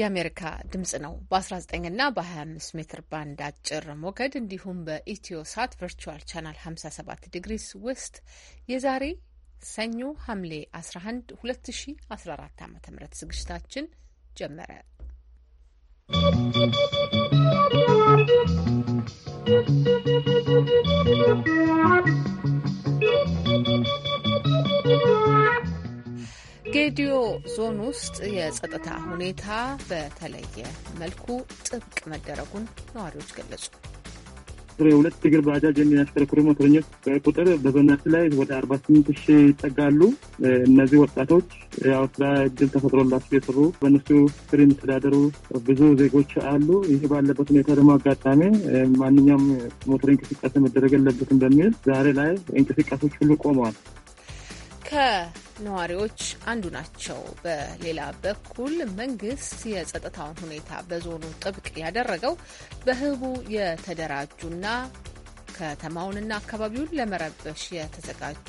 የአሜሪካ ድምጽ ነው። በ19 እና በ25 ሜትር ባንድ አጭር ሞገድ እንዲሁም በኢትዮ ሳት ቨርቹዋል ቻናል 57 ዲግሪስ ውስጥ የዛሬ ሰኞ ሐምሌ 11 2014 ዓ ም ዝግጅታችን ጀመረ። ¶¶ ጌዲዮ ዞን ውስጥ የጸጥታ ሁኔታ በተለየ መልኩ ጥብቅ መደረጉን ነዋሪዎች ገለጹ። የሁለት እግር ባጃጅ የሚያሽከረክሩ ሞተረኞች ቁጥር በዞናችን ላይ ወደ አርባ ስምንት ሺ ይጠጋሉ። እነዚህ ወጣቶች ያው ስራ እድል ተፈጥሮላቸው የሰሩ በእነሱ ስር የሚተዳደሩ ብዙ ዜጎች አሉ። ይህ ባለበት ሁኔታ ደግሞ አጋጣሚ ማንኛውም ሞተር እንቅስቃሴ መደረግ የለበትም በሚል ዛሬ ላይ እንቅስቃሴዎች ሁሉ ቆመዋል። ከነዋሪዎች አንዱ ናቸው። በሌላ በኩል መንግስት የጸጥታውን ሁኔታ በዞኑ ጥብቅ ያደረገው በህቡ የተደራጁና ከተማውንና አካባቢውን ለመረበሽ የተዘጋጁ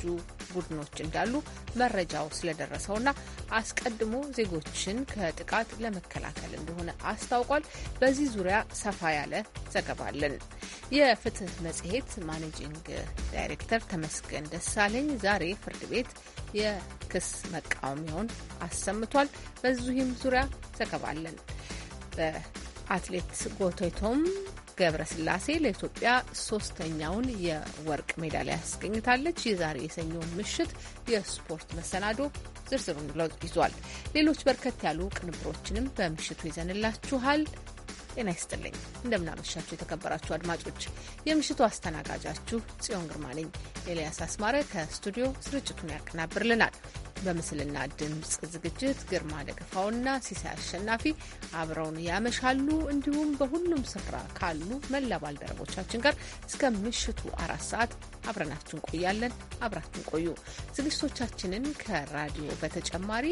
ቡድኖች እንዳሉ መረጃው ስለደረሰውና አስቀድሞ ዜጎችን ከጥቃት ለመከላከል እንደሆነ አስታውቋል። በዚህ ዙሪያ ሰፋ ያለ ዘገባ አለን። የፍትህ መጽሔት ማኔጂንግ ዳይሬክተር ተመስገን ደሳለኝ ዛሬ ፍርድ ቤት የክስ መቃወሚያውን አሰምቷል። በዚህም ዙሪያ ዘገባ አለን። በአትሌት ጎቶይቶም ገብረስላሴ ለኢትዮጵያ ሶስተኛውን የወርቅ ሜዳሊያ ያስገኝታለች። የዛሬ የሰኞ ምሽት የስፖርት መሰናዶ ዝርዝሩን ይዟል። ሌሎች በርከት ያሉ ቅንብሮችንም በምሽቱ ይዘንላችኋል። ጤና ይስጥልኝ። እንደምናመሻችሁ የተከበራችሁ አድማጮች፣ የምሽቱ አስተናጋጃችሁ ጽዮን ግርማ ነኝ። ኤልያስ አስማረ ከስቱዲዮ ስርጭቱን ያቀናብርልናል። በምስልና ድምፅ ዝግጅት ግርማ ደገፋውና ሲሳይ አሸናፊ አብረውን ያመሻሉ። እንዲሁም በሁሉም ስፍራ ካሉ መላ ባልደረቦቻችን ጋር እስከ ምሽቱ አራት ሰዓት አብረናችሁን እንቆያለን። አብራችሁ ቆዩ። ዝግጅቶቻችንን ከራዲዮ በተጨማሪ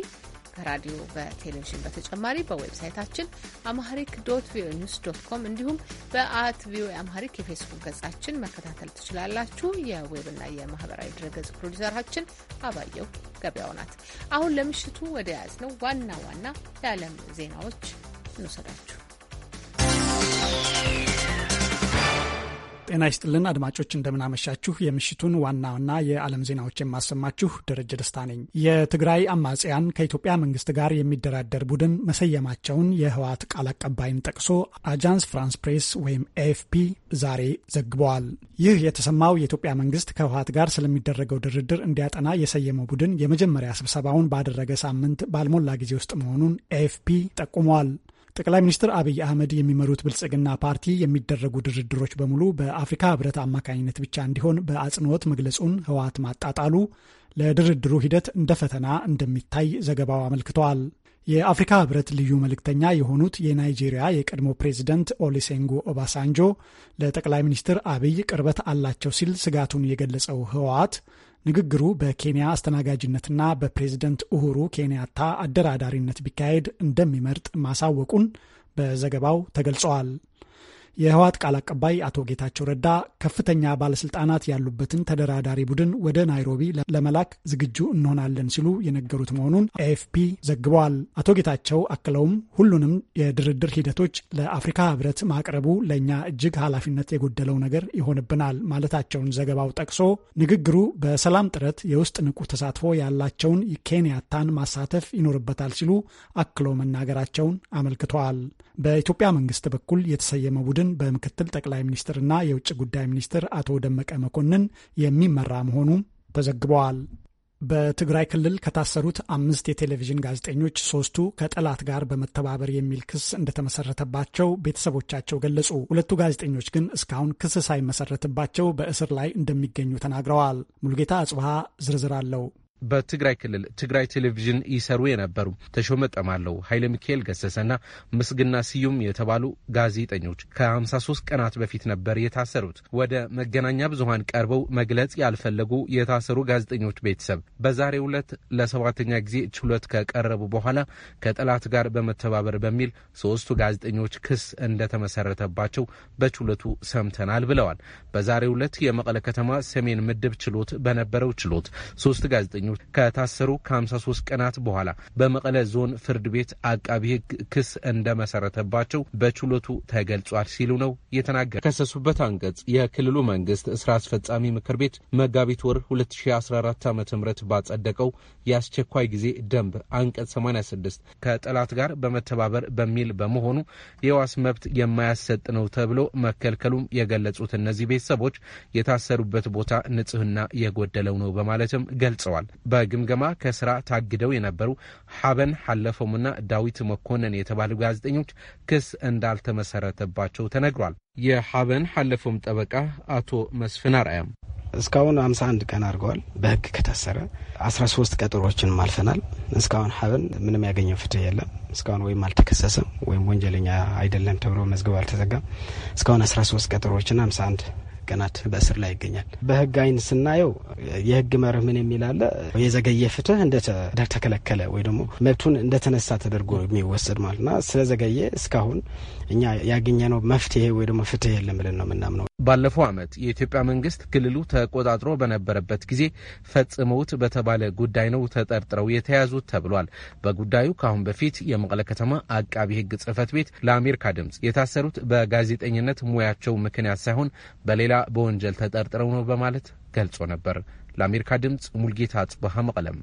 ከራዲዮ በቴሌቪዥን በተጨማሪ በዌብሳይታችን አማህሪክ ዶት ቪኦኤ ኒውስ ዶት ኮም እንዲሁም በአት ቪኦኤ አማህሪክ የፌስቡክ ገጻችን መከታተል ትችላላችሁ። የዌብና የማህበራዊ ድረገጽ ፕሮዲውሰራችን አባየው ገበያው ናት። አሁን ለምሽቱ ወደ ያዝ ነው ዋና ዋና የዓለም ዜናዎች እንወሰዳችሁ። ጤና ይስጥልን አድማጮች፣ እንደምናመሻችሁ። የምሽቱን ዋና ዋና የዓለም ዜናዎች የማሰማችሁ ደረጀ ደስታ ነኝ። የትግራይ አማጽያን ከኢትዮጵያ መንግስት ጋር የሚደራደር ቡድን መሰየማቸውን የህወሓት ቃል አቀባይን ጠቅሶ አጃንስ ፍራንስ ፕሬስ ወይም ኤኤፍፒ ዛሬ ዘግበዋል። ይህ የተሰማው የኢትዮጵያ መንግስት ከህወሓት ጋር ስለሚደረገው ድርድር እንዲያጠና የሰየመው ቡድን የመጀመሪያ ስብሰባውን ባደረገ ሳምንት ባልሞላ ጊዜ ውስጥ መሆኑን ኤኤፍፒ ጠቁሟል። ጠቅላይ ሚኒስትር አብይ አህመድ የሚመሩት ብልጽግና ፓርቲ የሚደረጉ ድርድሮች በሙሉ በአፍሪካ ህብረት አማካኝነት ብቻ እንዲሆን በአጽንኦት መግለጹን ህወሓት ማጣጣሉ ለድርድሩ ሂደት እንደ ፈተና እንደሚታይ ዘገባው አመልክተዋል። የአፍሪካ ህብረት ልዩ መልእክተኛ የሆኑት የናይጄሪያ የቀድሞ ፕሬዚደንት ኦሊሴንጎ ኦባሳንጆ ለጠቅላይ ሚኒስትር አብይ ቅርበት አላቸው ሲል ስጋቱን የገለጸው ህወሓት ንግግሩ በኬንያ አስተናጋጅነትና በፕሬዝደንት ኡሁሩ ኬንያታ አደራዳሪነት ቢካሄድ እንደሚመርጥ ማሳወቁን በዘገባው ተገልጸዋል። የህወሓት ቃል አቀባይ አቶ ጌታቸው ረዳ ከፍተኛ ባለስልጣናት ያሉበትን ተደራዳሪ ቡድን ወደ ናይሮቢ ለመላክ ዝግጁ እንሆናለን ሲሉ የነገሩት መሆኑን ኤኤፍፒ ዘግበዋል። አቶ ጌታቸው አክለውም ሁሉንም የድርድር ሂደቶች ለአፍሪካ ህብረት ማቅረቡ ለእኛ እጅግ ኃላፊነት የጎደለው ነገር ይሆንብናል ማለታቸውን ዘገባው ጠቅሶ ንግግሩ በሰላም ጥረት የውስጥ ንቁ ተሳትፎ ያላቸውን ኬንያታን ማሳተፍ ይኖርበታል ሲሉ አክለው መናገራቸውን አመልክተዋል። በኢትዮጵያ መንግስት በኩል የተሰየመ ቡድን ቡድን በምክትል ጠቅላይ ሚኒስትርና የውጭ ጉዳይ ሚኒስትር አቶ ደመቀ መኮንን የሚመራ መሆኑ ተዘግበዋል። በትግራይ ክልል ከታሰሩት አምስት የቴሌቪዥን ጋዜጠኞች ሶስቱ ከጠላት ጋር በመተባበር የሚል ክስ እንደተመሰረተባቸው ቤተሰቦቻቸው ገለጹ። ሁለቱ ጋዜጠኞች ግን እስካሁን ክስ ሳይመሰረትባቸው በእስር ላይ እንደሚገኙ ተናግረዋል። ሙሉጌታ አጽብሃ ዝርዝር አለው። በትግራይ ክልል ትግራይ ቴሌቪዥን ይሰሩ የነበሩ ተሾመ ጠማለው፣ ኃይለ ሚካኤል ገሰሰና ምስግና ስዩም የተባሉ ጋዜጠኞች ከ53 ቀናት በፊት ነበር የታሰሩት። ወደ መገናኛ ብዙሀን ቀርበው መግለጽ ያልፈለጉ የታሰሩ ጋዜጠኞች ቤተሰብ በዛሬው ዕለት ለሰባተኛ ጊዜ ችሎት ከቀረቡ በኋላ ከጠላት ጋር በመተባበር በሚል ሶስቱ ጋዜጠኞች ክስ እንደተመሰረተባቸው በችሎቱ ሰምተናል ብለዋል። በዛሬው ዕለት የመቀለ ከተማ ሰሜን ምድብ ችሎት በነበረው ችሎት ሶስት ጋዜጠኞች ጋዜጠኞች ከታሰሩ ከ53 ቀናት በኋላ በመቀለ ዞን ፍርድ ቤት አቃቢ ሕግ ክስ እንደመሰረተባቸው በችሎቱ ተገልጿል ሲሉ ነው የተናገረ ከሰሱበት አንቀጽ የክልሉ መንግስት ስራ አስፈጻሚ ምክር ቤት መጋቢት ወር 2014 ዓ ም ባጸደቀው የአስቸኳይ ጊዜ ደንብ አንቀጽ 86 ከጠላት ጋር በመተባበር በሚል በመሆኑ የዋስ መብት የማያሰጥ ነው ተብሎ መከልከሉም የገለጹት እነዚህ ቤተሰቦች የታሰሩበት ቦታ ንጽህና የጎደለው ነው በማለትም ገልጸዋል። በግምገማ ከስራ ታግደው የነበሩ ሀበን ሐለፎምና ዳዊት መኮንን የተባሉ ጋዜጠኞች ክስ እንዳልተመሰረተባቸው ተነግሯል። የሀበን ሐለፎም ጠበቃ አቶ መስፍን አርአያም እስካሁን 51 ቀን አድርገዋል። በህግ ከታሰረ 13 ቀጠሮዎችን አልፈናል። እስካሁን ሀበን ምንም ያገኘው ፍትህ የለም። እስካሁን ወይም አልተከሰሰም ወይም ወንጀለኛ አይደለም ተብሎ መዝገብ አልተዘጋም። እስካሁን 13 ቀጠሮዎችና 51 ቀናት በእስር ላይ ይገኛል። በህግ አይን ስናየው የህግ መርህ ምን የሚላለ የዘገየ ፍትህ እንደተከለከለ ወይ ደግሞ መብቱን እንደተነሳ ተደርጎ የሚወሰድ ማለት ና ስለዘገየ እስካሁን እኛ ያገኘነው መፍትሄ ወይ ደግሞ ፍትህ የለም ብለን ነው የምናምነው። ባለፈው ዓመት የኢትዮጵያ መንግስት ክልሉ ተቆጣጥሮ በነበረበት ጊዜ ፈጽመውት በተባለ ጉዳይ ነው ተጠርጥረው የተያዙት ተብሏል። በጉዳዩ ከአሁን በፊት የመቀለ ከተማ አቃቢ ህግ ጽህፈት ቤት ለአሜሪካ ድምጽ የታሰሩት በጋዜጠኝነት ሙያቸው ምክንያት ሳይሆን በሌላ በወንጀል ተጠርጥረው ነው በማለት ገልጾ ነበር። ለአሜሪካ ድምፅ ሙልጌታ ጽብሃ መቀለም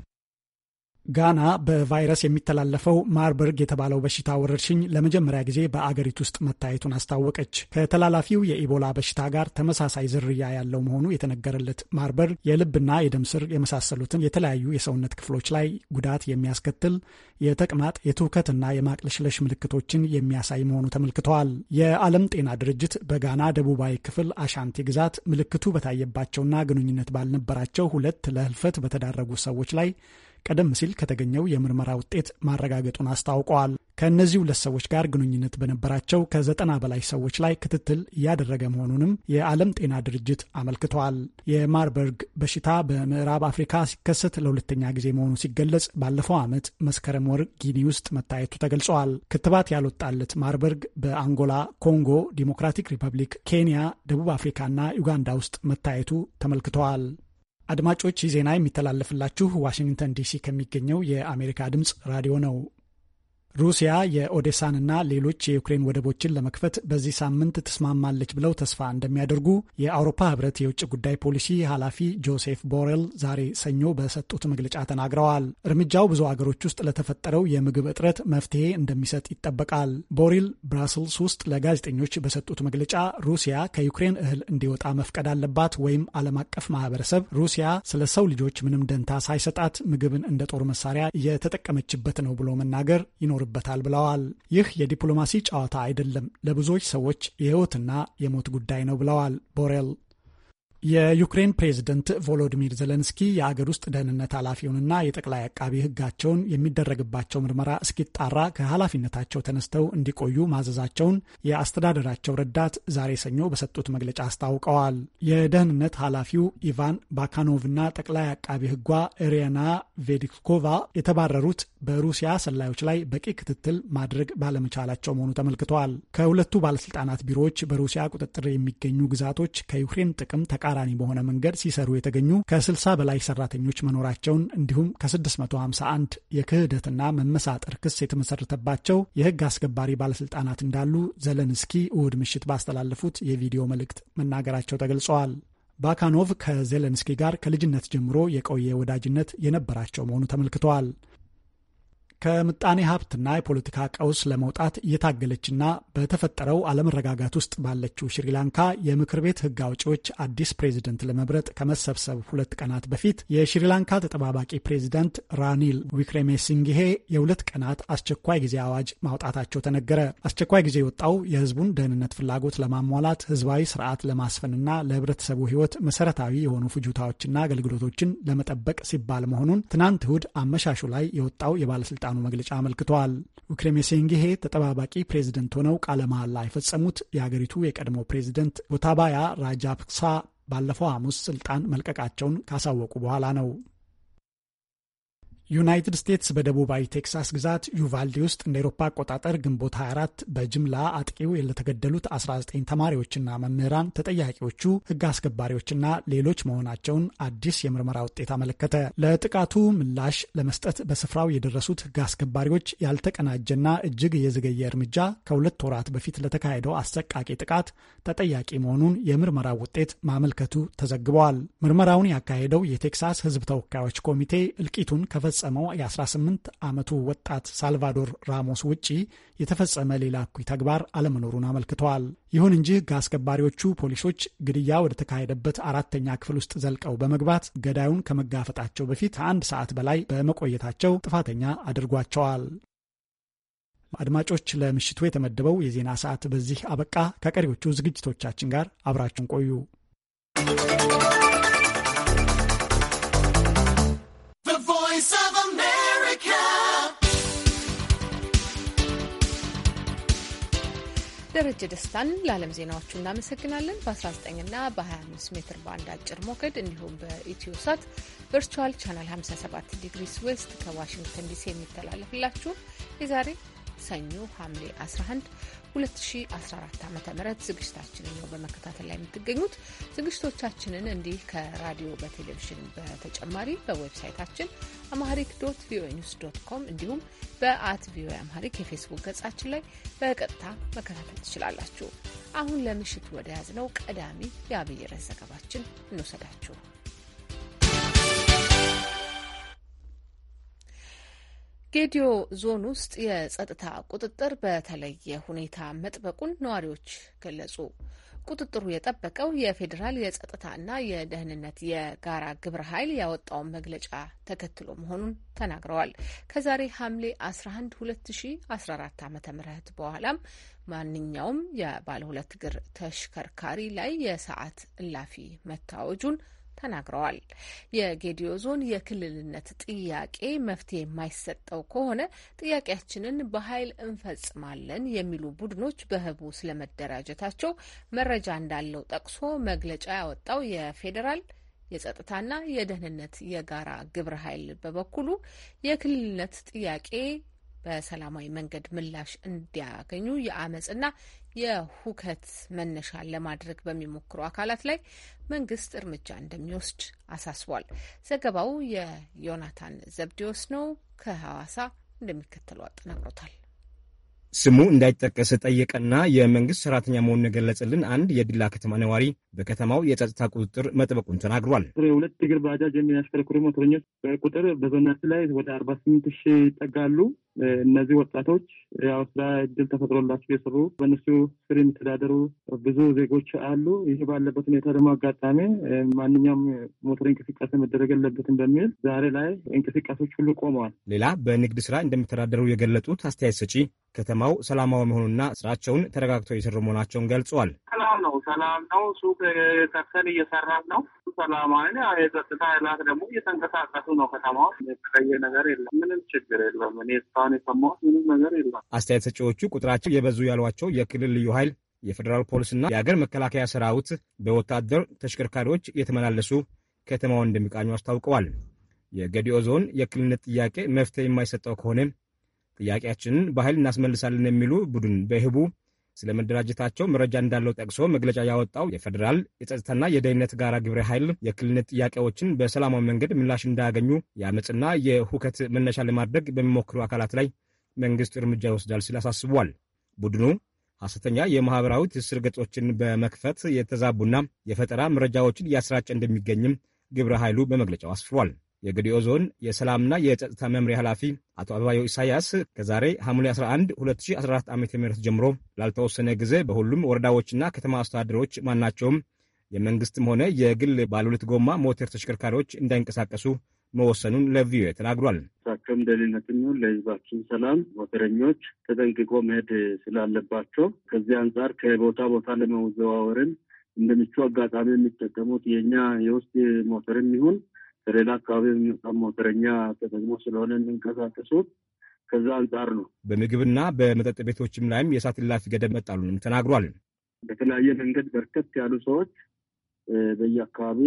ጋና በቫይረስ የሚተላለፈው ማርበርግ የተባለው በሽታ ወረርሽኝ ለመጀመሪያ ጊዜ በአገሪቱ ውስጥ መታየቱን አስታወቀች። ከተላላፊው የኢቦላ በሽታ ጋር ተመሳሳይ ዝርያ ያለው መሆኑ የተነገረለት ማርበርግ የልብና የደም ስር የመሳሰሉትን የተለያዩ የሰውነት ክፍሎች ላይ ጉዳት የሚያስከትል የተቅማጥ፣ የትውከትና የማቅለሽለሽ ምልክቶችን የሚያሳይ መሆኑ ተመልክተዋል። የዓለም ጤና ድርጅት በጋና ደቡባዊ ክፍል አሻንቲ ግዛት ምልክቱ በታየባቸውና ግንኙነት ባልነበራቸው ሁለት ለህልፈት በተዳረጉ ሰዎች ላይ ቀደም ሲል ከተገኘው የምርመራ ውጤት ማረጋገጡን አስታውቀዋል። ከእነዚህ ሁለት ሰዎች ጋር ግንኙነት በነበራቸው ከዘጠና በላይ ሰዎች ላይ ክትትል እያደረገ መሆኑንም የዓለም ጤና ድርጅት አመልክተዋል። የማርበርግ በሽታ በምዕራብ አፍሪካ ሲከሰት ለሁለተኛ ጊዜ መሆኑ ሲገለጽ ባለፈው ዓመት መስከረም ወር ጊኒ ውስጥ መታየቱ ተገልጿል። ክትባት ያልወጣለት ማርበርግ በአንጎላ፣ ኮንጎ ዲሞክራቲክ ሪፐብሊክ፣ ኬንያ፣ ደቡብ አፍሪካና ዩጋንዳ ውስጥ መታየቱ ተመልክተዋል። አድማጮች ዜና የሚተላለፍላችሁ ዋሽንግተን ዲሲ ከሚገኘው የአሜሪካ ድምፅ ራዲዮ ነው። ሩሲያ የኦዴሳንና ሌሎች የዩክሬን ወደቦችን ለመክፈት በዚህ ሳምንት ትስማማለች ብለው ተስፋ እንደሚያደርጉ የአውሮፓ ህብረት የውጭ ጉዳይ ፖሊሲ ኃላፊ ጆሴፍ ቦሬል ዛሬ ሰኞ በሰጡት መግለጫ ተናግረዋል። እርምጃው ብዙ አገሮች ውስጥ ለተፈጠረው የምግብ እጥረት መፍትሄ እንደሚሰጥ ይጠበቃል። ቦሪል ብራስልስ ውስጥ ለጋዜጠኞች በሰጡት መግለጫ ሩሲያ ከዩክሬን እህል እንዲወጣ መፍቀድ አለባት ወይም ዓለም አቀፍ ማህበረሰብ ሩሲያ ስለ ሰው ልጆች ምንም ደንታ ሳይሰጣት ምግብን እንደ ጦር መሳሪያ እየተጠቀመችበት ነው ብሎ መናገር ይኖር ይኖርበታል ብለዋል። ይህ የዲፕሎማሲ ጨዋታ አይደለም፣ ለብዙዎች ሰዎች የህይወትና የሞት ጉዳይ ነው ብለዋል ቦሬል የዩክሬን ፕሬዝደንት ቮሎዲሚር ዘለንስኪ የአገር ውስጥ ደህንነት ኃላፊውንና የጠቅላይ አቃቢ ሕጋቸውን የሚደረግባቸው ምርመራ እስኪጣራ ከኃላፊነታቸው ተነስተው እንዲቆዩ ማዘዛቸውን የአስተዳደራቸው ረዳት ዛሬ ሰኞ በሰጡት መግለጫ አስታውቀዋል። የደህንነት ኃላፊው ኢቫን ባካኖቭና ጠቅላይ አቃቢ ሕጓ ኢሪና ቬዲኮቫ የተባረሩት በሩሲያ ሰላዮች ላይ በቂ ክትትል ማድረግ ባለመቻላቸው መሆኑ ተመልክተዋል። ከሁለቱ ባለስልጣናት ቢሮዎች በሩሲያ ቁጥጥር የሚገኙ ግዛቶች ከዩክሬን ጥቅም ተቃ ተቃራኒ በሆነ መንገድ ሲሰሩ የተገኙ ከ60 በላይ ሰራተኞች መኖራቸውን እንዲሁም ከ651 የክህደትና መመሳጠር ክስ የተመሰረተባቸው የህግ አስከባሪ ባለስልጣናት እንዳሉ ዘለንስኪ እሁድ ምሽት ባስተላለፉት የቪዲዮ መልእክት መናገራቸው ተገልጸዋል። ባካኖቭ ከዜሌንስኪ ጋር ከልጅነት ጀምሮ የቆየ ወዳጅነት የነበራቸው መሆኑ ተመልክተዋል። ከምጣኔ ሀብትና የፖለቲካ ቀውስ ለመውጣት እየታገለችና በተፈጠረው አለመረጋጋት ውስጥ ባለችው ሽሪላንካ የምክር ቤት ሕግ አውጪዎች አዲስ ፕሬዝደንት ለመምረጥ ከመሰብሰብ ሁለት ቀናት በፊት የሽሪላንካ ተጠባባቂ ፕሬዚደንት ራኒል ዊክሬሜሲንግሄ የሁለት ቀናት አስቸኳይ ጊዜ አዋጅ ማውጣታቸው ተነገረ። አስቸኳይ ጊዜ የወጣው የሕዝቡን ደህንነት ፍላጎት ለማሟላት፣ ሕዝባዊ ስርዓት ለማስፈንና ለህብረተሰቡ ሕይወት መሰረታዊ የሆኑ ፍጆታዎችና አገልግሎቶችን ለመጠበቅ ሲባል መሆኑን ትናንት እሁድ አመሻሹ ላይ የወጣው የባለስልጣ የባለሥልጣኑ መግለጫ አመልክቷል። ዊክሬሜሴንጌሄ ተጠባባቂ ፕሬዝደንት ሆነው ቃለ መሐላ የፈጸሙት የአገሪቱ የቀድሞ ፕሬዝደንት ጎታባያ ራጃፕሳ ባለፈው ሐሙስ ስልጣን መልቀቃቸውን ካሳወቁ በኋላ ነው። ዩናይትድ ስቴትስ በደቡባዊ ቴክሳስ ግዛት ዩቫልዲ ውስጥ እንደ ኤሮፓ አቆጣጠር ግንቦት 24 በጅምላ አጥቂው ለተገደሉት 19 ተማሪዎችና መምህራን ተጠያቂዎቹ ሕግ አስከባሪዎችና ሌሎች መሆናቸውን አዲስ የምርመራ ውጤት አመለከተ። ለጥቃቱ ምላሽ ለመስጠት በስፍራው የደረሱት ሕግ አስከባሪዎች ያልተቀናጀና እጅግ የዘገየ እርምጃ ከሁለት ወራት በፊት ለተካሄደው አሰቃቂ ጥቃት ተጠያቂ መሆኑን የምርመራው ውጤት ማመልከቱ ተዘግበዋል። ምርመራውን ያካሄደው የቴክሳስ ሕዝብ ተወካዮች ኮሚቴ እልቂቱን ከፈ ከተፈጸመው የ18 ዓመቱ ወጣት ሳልቫዶር ራሞስ ውጪ የተፈጸመ ሌላ እኩይ ተግባር አለመኖሩን አመልክተዋል። ይሁን እንጂ ሕግ አስከባሪዎቹ ፖሊሶች ግድያ ወደ ተካሄደበት አራተኛ ክፍል ውስጥ ዘልቀው በመግባት ገዳዩን ከመጋፈጣቸው በፊት አንድ ሰዓት በላይ በመቆየታቸው ጥፋተኛ አድርጓቸዋል። አድማጮች፣ ለምሽቱ የተመደበው የዜና ሰዓት በዚህ አበቃ። ከቀሪዎቹ ዝግጅቶቻችን ጋር አብራችሁን ቆዩ። Voice of America. ደረጀ ደስታን ለዓለም ዜናዎቹ እናመሰግናለን። በ19ና በ25 ሜትር ባንድ አጭር ሞገድ እንዲሁም በኢትዮ ሳት ቨርቹዋል ቻናል 57 ዲግሪስ ዌስት ከዋሽንግተን ዲሲ የሚተላለፍላችሁ የዛሬ ሰኞ ሐምሌ 11 2014 ዓ ም ዝግጅታችንን ነው በመከታተል ላይ የምትገኙት። ዝግጅቶቻችንን እንዲህ ከራዲዮ በቴሌቪዥን በተጨማሪ በዌብሳይታችን አማሪክ ዶት ቪኦኤ ኒውስ ዶት ኮም እንዲሁም በአት ቪኦኤ አማሪክ የፌስቡክ ገጻችን ላይ በቀጥታ መከታተል ትችላላችሁ። አሁን ለምሽት ወደ ያዝነው ቀዳሚ የአብይ ርዕስ ዘገባችን እንወሰዳችሁ። ጌዲዮ ዞን ውስጥ የጸጥታ ቁጥጥር በተለየ ሁኔታ መጥበቁን ነዋሪዎች ገለጹ። ቁጥጥሩ የጠበቀው የፌዴራል የጸጥታና የደህንነት የጋራ ግብረ ኃይል ያወጣውን መግለጫ ተከትሎ መሆኑን ተናግረዋል። ከዛሬ ሐምሌ 11 2014 ዓ ም በኋላም ማንኛውም የባለ ሁለት እግር ተሽከርካሪ ላይ የሰዓት እላፊ መታወጁን ተናግረዋል። የጌዲዮ ዞን የክልልነት ጥያቄ መፍትሄ የማይሰጠው ከሆነ ጥያቄያችንን በኃይል እንፈጽማለን የሚሉ ቡድኖች በህቡ ስለመደራጀታቸው መረጃ እንዳለው ጠቅሶ መግለጫ ያወጣው የፌዴራል የጸጥታና የደህንነት የጋራ ግብረ ኃይል በበኩሉ የክልልነት ጥያቄ በሰላማዊ መንገድ ምላሽ እንዲያገኙ የአመፅና የሁከት መነሻ ለማድረግ በሚሞክሩ አካላት ላይ መንግስት እርምጃ እንደሚወስድ አሳስቧል። ዘገባው የዮናታን ዘብዲዎስ ነው። ከሐዋሳ እንደሚከተለው አጠናቅሮታል። ስሙ እንዳይጠቀስ ጠየቀና የመንግስት ሰራተኛ መሆኑን የገለጸልን አንድ የዲላ ከተማ ነዋሪ በከተማው የጸጥታ ቁጥጥር መጥበቁን ተናግሯል። ሁለት እግር ባጃጅ የሚያሽከረክሩ ሞተረኞች በቁጥር በዞናችን ላይ ወደ አርባ ስምንት ሺህ ይጠጋሉ። እነዚህ ወጣቶች ያው ስራ እድል ተፈጥሮላቸው የሰሩ በእነሱ ስር የሚተዳደሩ ብዙ ዜጎች አሉ። ይህ ባለበት ሁኔታ ደግሞ አጋጣሚ ማንኛውም ሞተር እንቅስቃሴ መደረግ የለበትም በሚል ዛሬ ላይ እንቅስቃሴዎች ሁሉ ቆመዋል። ሌላ በንግድ ስራ እንደሚተዳደሩ የገለጹት አስተያየት ሰጪ ከተማው ሰላማዊ መሆኑና ስራቸውን ተረጋግተው የሰሩ መሆናቸውን ገልጸዋል። ሰላም ነው፣ ሰላም ነው። ሱቅ ከፍተን እየሰራን ነው። ሰላማዊ የጸጥታ ኃይላት ደግሞ እየተንቀሳቀሱ ነው። ከተማው የተለየ ነገር የለም። ምንም ችግር የለም። እስካሁን የሰማሁት ምንም ነገር የለም። አስተያየት ሰጪዎቹ ቁጥራቸው የበዙ ያሏቸው የክልል ልዩ ኃይል፣ የፌዴራል ፖሊስና የአገር መከላከያ ሰራዊት በወታደር ተሽከርካሪዎች የተመላለሱ ከተማውን እንደሚቃኙ አስታውቀዋል። የገዲኦ ዞን የክልልነት ጥያቄ መፍትሄ የማይሰጠው ከሆነ ጥያቄያችንን በኃይል እናስመልሳለን የሚሉ ቡድን በህቡ ስለ መደራጀታቸው መረጃ እንዳለው ጠቅሶ መግለጫ ያወጣው የፌዴራል የጸጥታና የደህንነት ጋራ ግብረ ኃይል የክልልነት ጥያቄዎችን በሰላማዊ መንገድ ምላሽ እንዳያገኙ የአመፅና የሁከት መነሻ ለማድረግ በሚሞክሩ አካላት ላይ መንግስት እርምጃ ይወስዳል ሲል አሳስቧል። ቡድኑ ሐሰተኛ የማህበራዊ ትስስር ገጾችን በመክፈት የተዛቡና የፈጠራ መረጃዎችን እያሰራጨ እንደሚገኝም ግብረ ኃይሉ በመግለጫው አስፍሯል። የግዲኦ ዞን የሰላምና የጸጥታ መምሪያ ኃላፊ አቶ አበባዮ ኢሳያስ ከዛሬ ሐምሌ 11 2014 ዓ ም ጀምሮ ላልተወሰነ ጊዜ በሁሉም ወረዳዎችና ከተማ አስተዳደሮች ማናቸውም የመንግስትም ሆነ የግል ባለሁለት ጎማ ሞተር ተሽከርካሪዎች እንዳይንቀሳቀሱ መወሰኑን ለቪኦኤ ተናግሯል። እሳቸውም ደህንነትን ይሁን ለህዝባችን ሰላም ሞተረኞች ተጠንቅቆ መሄድ ስላለባቸው ከዚህ አንጻር ከቦታ ቦታ ለመዘዋወርን እንደምቹ አጋጣሚ የሚጠቀሙት የእኛ የውስጥ ሞተርም ይሁን ከሌላ አካባቢ የሚመጣ ሞተረኛ ተጠቅሞ ስለሆነ የሚንቀሳቀሱት ከዛ አንጻር ነው። በምግብና በመጠጥ ቤቶችም ላይም የእሳት እላፊ ገደብ መጣሉንም ተናግሯል። በተለያየ መንገድ በርከት ያሉ ሰዎች በየአካባቢ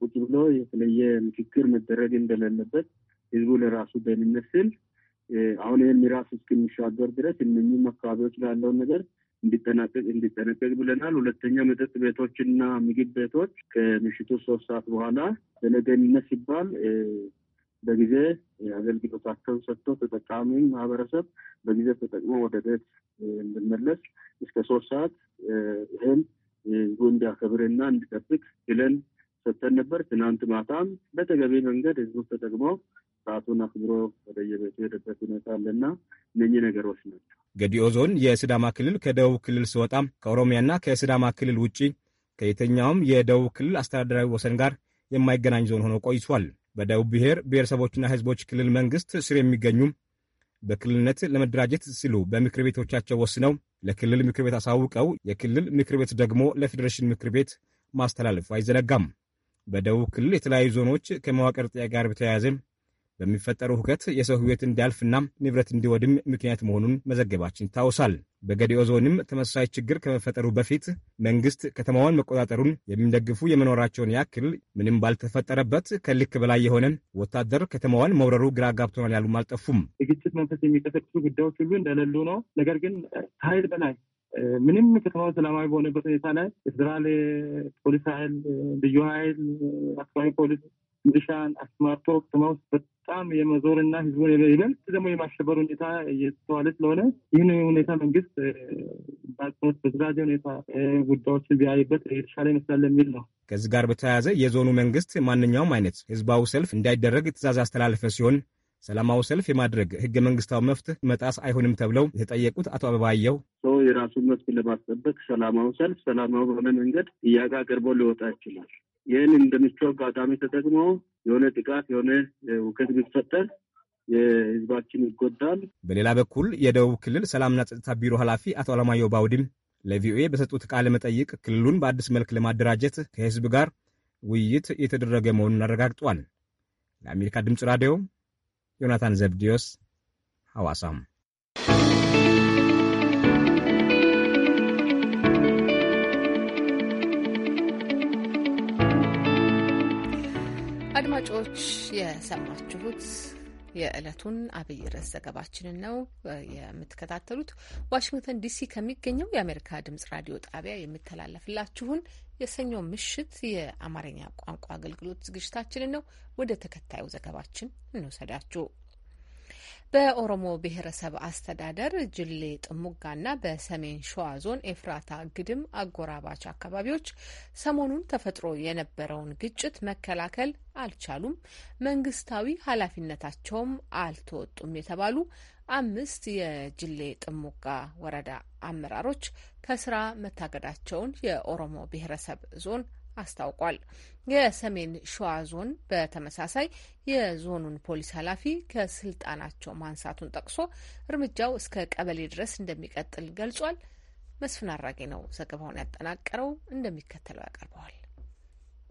ቁጭ ብሎ የተለየ ምክክር መደረግ እንደሌለበት ህዝቡ ለራሱ በሚመስል አሁን ይህን ምዕራፍ እስክንሻገር ድረስ እነኝም አካባቢዎች ላለውን ነገር እንዲጠናቀቅ እንዲጠነቀቅ ብለናል። ሁለተኛ መጠጥ ቤቶችና ምግብ ቤቶች ከምሽቱ ሶስት ሰዓት በኋላ ለደህንነት ሲባል በጊዜ አገልግሎታቸውን ሰጥቶ ተጠቃሚ ማህበረሰብ በጊዜ ተጠቅሞ ወደ ቤት እንድመለስ እስከ ሶስት ሰዓት ይህን ህዝቡ እንዲያከብርና እንዲጠብቅ ብለን ሰጥተን ነበር። ትናንት ማታም በተገቢ መንገድ ህዝቡ ተጠቅሞ ራሱን አክብሮ የቤቱ የሄደበት ሁኔታ አለና እነኚህ ነገሮች ናቸው። ገዲኦ ዞን የስዳማ ክልል ከደቡብ ክልል ሲወጣ ከኦሮሚያና ከስዳማ ክልል ውጪ ከየትኛውም የደቡብ ክልል አስተዳደራዊ ወሰን ጋር የማይገናኝ ዞን ሆኖ ቆይቷል። በደቡብ ብሔር ብሔረሰቦችና ሕዝቦች ክልል መንግስት ስር የሚገኙ በክልልነት ለመደራጀት ሲሉ በምክር ቤቶቻቸው ወስነው ለክልል ምክር ቤት አሳውቀው የክልል ምክር ቤት ደግሞ ለፌዴሬሽን ምክር ቤት ማስተላለፉ አይዘነጋም። በደቡብ ክልል የተለያዩ ዞኖች ከመዋቅር ጥያቄ ጋር በተያያዘ በሚፈጠረው ሁከት የሰው ህይወት እንዲያልፍና ንብረት እንዲወድም ምክንያት መሆኑን መዘገባችን ይታወሳል። በገዲኦ ዞንም ተመሳሳይ ችግር ከመፈጠሩ በፊት መንግስት ከተማዋን መቆጣጠሩን የሚደግፉ የመኖራቸውን ያክል ምንም ባልተፈጠረበት ከልክ በላይ የሆነ ወታደር ከተማዋን መውረሩ ግራ ጋብቶናል ያሉም አልጠፉም። የግጭት መንፈስ የሚቀሰቅሱ ጉዳዮች ሁሉ እንደሌሉ ነው። ነገር ግን ከኃይል በላይ ምንም ከተማ ሰላማዊ በሆነበት ሁኔታ ላይ የፌዴራል ፖሊስ ኃይል፣ ልዩ ኃይል፣ አካባቢ ፖሊስ እንድሻን አስማርቶ ውስጥ በጣም የመዞርና ህዝቡን ይበልጥ ደግሞ የማሸበር ሁኔታ እየተስተዋለ ስለሆነ ይህን ሁኔታ መንግስት በአጽኖት በተዛዜ ሁኔታ ጉዳዮችን ቢያይበት የተሻለ ይመስላል የሚል ነው። ከዚህ ጋር በተያያዘ የዞኑ መንግስት ማንኛውም አይነት ህዝባዊ ሰልፍ እንዳይደረግ ትእዛዝ አስተላለፈ ሲሆን ሰላማዊ ሰልፍ የማድረግ ህገ መንግስታዊ መፍትህ መጣስ አይሆንም ተብለው የተጠየቁት አቶ አበባየው ሰው የራሱን መብት ለማስጠበቅ ሰላማዊ ሰልፍ ሰላማዊ በሆነ መንገድ ጥያቄ አቅርቦ ሊወጣ ይችላል። ይህን እንደምቹ አጋጣሚ ተጠቅሞ የሆነ ጥቃት የሆነ ውከት ቢፈጠር የህዝባችን ይጎዳል። በሌላ በኩል የደቡብ ክልል ሰላምና ጸጥታ ቢሮ ኃላፊ አቶ አለማየሁ ባውዲም ለቪኦኤ በሰጡት ቃለ መጠይቅ ክልሉን በአዲስ መልክ ለማደራጀት ከህዝብ ጋር ውይይት የተደረገ መሆኑን አረጋግጧል። ለአሜሪካ ድምፅ ራዲዮ ዮናታን ዘብዲዮስ ሐዋሳም አድማጮች የሰማችሁት የዕለቱን አብይ ርዕስ ዘገባችንን ነው የምትከታተሉት። ዋሽንግተን ዲሲ ከሚገኘው የአሜሪካ ድምጽ ራዲዮ ጣቢያ የሚተላለፍላችሁን የሰኞ ምሽት የአማርኛ ቋንቋ አገልግሎት ዝግጅታችንን ነው። ወደ ተከታዩ ዘገባችን እንወሰዳችሁ። በኦሮሞ ብሔረሰብ አስተዳደር ጅሌ ጥሙጋና በሰሜን ሸዋ ዞን ኤፍራታ ግድም አጎራባች አካባቢዎች ሰሞኑን ተፈጥሮ የነበረውን ግጭት መከላከል አልቻሉም፣ መንግስታዊ ኃላፊነታቸውም አልተወጡም የተባሉ አምስት የጅሌ ጥሙጋ ወረዳ አመራሮች ከስራ መታገዳቸውን የኦሮሞ ብሔረሰብ ዞን አስታውቋል። የሰሜን ሸዋ ዞን በተመሳሳይ የዞኑን ፖሊስ ኃላፊ ከስልጣናቸው ማንሳቱን ጠቅሶ እርምጃው እስከ ቀበሌ ድረስ እንደሚቀጥል ገልጿል። መስፍን አራጌ ነው ዘገባውን ያጠናቀረው፣ እንደሚከተለው ያቀርበዋል።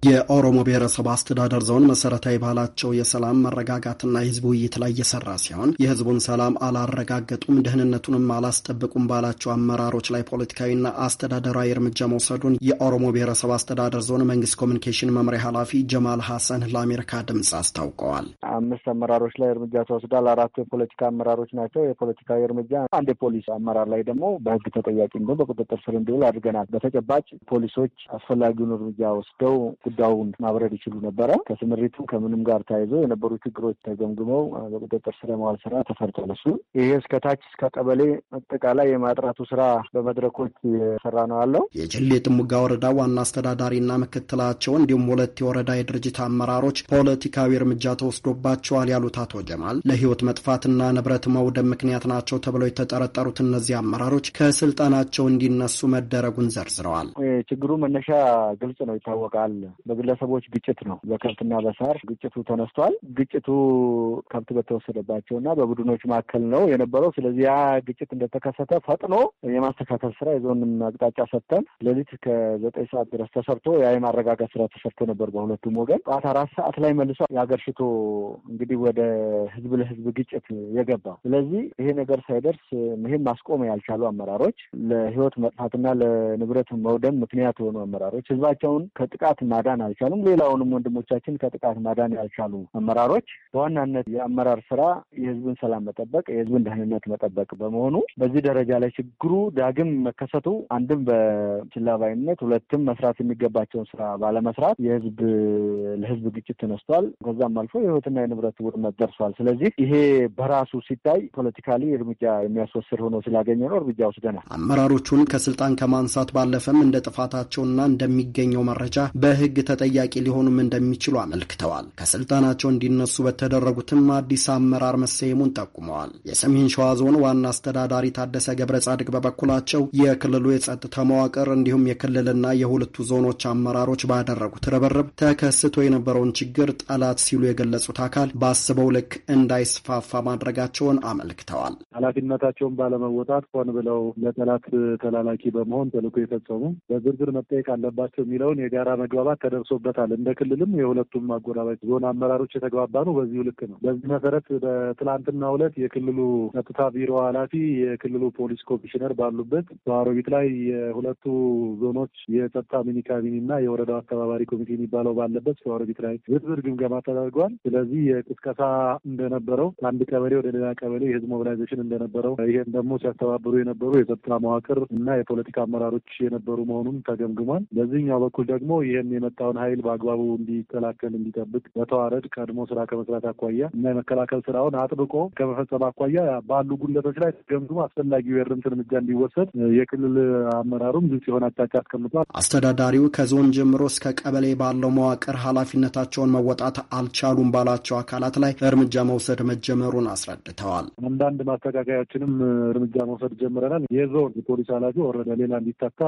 የኦሮሞ ብሔረሰብ አስተዳደር ዞን መሰረታዊ ባላቸው የሰላም መረጋጋትና የህዝብ ውይይት ላይ እየሰራ ሲሆን የህዝቡን ሰላም አላረጋገጡም፣ ደህንነቱንም አላስጠብቁም ባላቸው አመራሮች ላይ ፖለቲካዊና አስተዳደራዊ እርምጃ መውሰዱን የኦሮሞ ብሔረሰብ አስተዳደር ዞን መንግስት ኮሚኒኬሽን መምሪያ ኃላፊ ጀማል ሐሰን ለአሜሪካ ድምጽ አስታውቀዋል። አምስት አመራሮች ላይ እርምጃ ተወስዷል። አራቱ የፖለቲካ አመራሮች ናቸው። የፖለቲካዊ እርምጃ አንድ የፖሊስ አመራር ላይ ደግሞ በህግ ተጠያቂ እንዲሁም በቁጥጥር ስር እንዲውል አድርገናል። በተጨባጭ ፖሊሶች አስፈላጊውን እርምጃ ወስደው ጉዳዩን ማብረድ ይችሉ ነበረ። ከስምሪቱ ከምንም ጋር ተያይዞ የነበሩ ችግሮች ተገምግመው በቁጥጥር ስር የመዋል ስራ ተሰርቷል። እሱ ይሄ እስከ ታች እስከ ቀበሌ አጠቃላይ የማጥራቱ ስራ በመድረኮች የሰራ ነው ያለው። የጅሌ ጥሙጋ ወረዳ ዋና አስተዳዳሪና ምክትላቸው እንዲሁም ሁለት የወረዳ የድርጅት አመራሮች ፖለቲካዊ እርምጃ ተወስዶባቸዋል ያሉት አቶ ጀማል ለህይወት መጥፋትና ንብረት መውደም ምክንያት ናቸው ተብለው የተጠረጠሩት እነዚህ አመራሮች ከስልጣናቸው እንዲነሱ መደረጉን ዘርዝረዋል። ችግሩ መነሻ ግልጽ ነው፣ ይታወቃል። በግለሰቦች ግጭት ነው። በከብትና በሳር ግጭቱ ተነስቷል። ግጭቱ ከብት በተወሰደባቸው እና በቡድኖች መካከል ነው የነበረው። ስለዚህ ያ ግጭት እንደተከሰተ ፈጥኖ የማስተካከል ስራ የዞንም አቅጣጫ ሰጥተን ሌሊት ከዘጠኝ ሰዓት ድረስ ተሰርቶ ያ የማረጋጋት ስራ ተሰርቶ ነበር በሁለቱም ወገን። ጠዋት አራት ሰዓት ላይ መልሶ የሀገር ሽቶ እንግዲህ ወደ ህዝብ ለህዝብ ግጭት የገባው። ስለዚህ ይሄ ነገር ሳይደርስ ይህም ማስቆም ያልቻሉ አመራሮች ለህይወት መጥፋትና ለንብረት መውደም ምክንያት የሆኑ አመራሮች ህዝባቸውን ከጥቃት ማዳ ማዳን አልቻሉም። ሌላውንም ወንድሞቻችን ከጥቃት ማዳን ያልቻሉ አመራሮች በዋናነት የአመራር ስራ የህዝብን ሰላም መጠበቅ፣ የህዝብን ደህንነት መጠበቅ በመሆኑ በዚህ ደረጃ ላይ ችግሩ ዳግም መከሰቱ አንድም በችላባይነት ሁለትም መስራት የሚገባቸውን ስራ ባለመስራት የህዝብ ለህዝብ ግጭት ተነስቷል። ከዛም አልፎ የህይወትና የንብረት ውድመት ደርሷል። ስለዚህ ይሄ በራሱ ሲታይ ፖለቲካሊ እርምጃ የሚያስወስድ ሆኖ ስላገኘ ነው እርምጃ ወስደናል። አመራሮቹን ከስልጣን ከማንሳት ባለፈም እንደ ጥፋታቸውና እንደሚገኘው መረጃ በህግ በሕግ ተጠያቂ ሊሆኑም እንደሚችሉ አመልክተዋል። ከስልጣናቸው እንዲነሱ በተደረጉትም አዲስ አመራር መሰየሙን ጠቁመዋል። የሰሜን ሸዋ ዞን ዋና አስተዳዳሪ ታደሰ ገብረ ጻድቅ በበኩላቸው የክልሉ የጸጥታ መዋቅር እንዲሁም የክልልና የሁለቱ ዞኖች አመራሮች ባደረጉት ርብርብ ተከስቶ የነበረውን ችግር ጠላት ሲሉ የገለጹት አካል በአስበው ልክ እንዳይስፋፋ ማድረጋቸውን አመልክተዋል። ኃላፊነታቸውን ባለመወጣት ሆን ብለው ለጠላት ተላላኪ በመሆን ተልዕኮ የፈጸሙ በዝርዝር መጠየቅ አለባቸው የሚለውን የጋራ መግባባት ተደርሶበታል። እንደ ክልልም የሁለቱም አጎራባች ዞን አመራሮች የተግባባ ነው በዚሁ ልክ ነው። በዚህ መሰረት በትላንትናው ዕለት የክልሉ ጸጥታ ቢሮ ኃላፊ፣ የክልሉ ፖሊስ ኮሚሽነር ባሉበት በአሮቢት ላይ የሁለቱ ዞኖች የጸጥታ ሚኒ ካቢኔ እና የወረዳው አስተባባሪ ኮሚቴ የሚባለው ባለበት በአሮቢት ላይ ዝርዝር ግምገማ ተደርጓል። ስለዚህ የቅስቀሳ እንደነበረው አንድ ቀበሌ ወደ ሌላ ቀበሌ የህዝብ ሞቢላይዜሽን እንደነበረው ይሄን ደግሞ ሲያስተባብሩ የነበሩ የጸጥታ መዋቅር እና የፖለቲካ አመራሮች የነበሩ መሆኑን ተገምግሟል። በዚህኛው በኩል ደግሞ ይህን የመጣውን ኃይል በአግባቡ እንዲከላከል፣ እንዲጠብቅ በተዋረድ ቀድሞ ስራ ከመስራት አኳያ እና የመከላከል ስራውን አጥብቆ ከመፈጸም አኳያ ባሉ ጉለቶች ላይ ገምግሞ አስፈላጊው የእርምት እርምጃ እንዲወሰድ የክልል አመራሩም ግልጽ የሆነ አቅጣጫ አስቀምጧል። አስተዳዳሪው ከዞን ጀምሮ እስከ ቀበሌ ባለው መዋቅር ኃላፊነታቸውን መወጣት አልቻሉም ባላቸው አካላት ላይ እርምጃ መውሰድ መጀመሩን አስረድተዋል። አንዳንድ ማስተካከያዎችንም እርምጃ መውሰድ ጀምረናል። የዞን የፖሊስ ኃላፊ ወረደ ሌላ እንዲተካ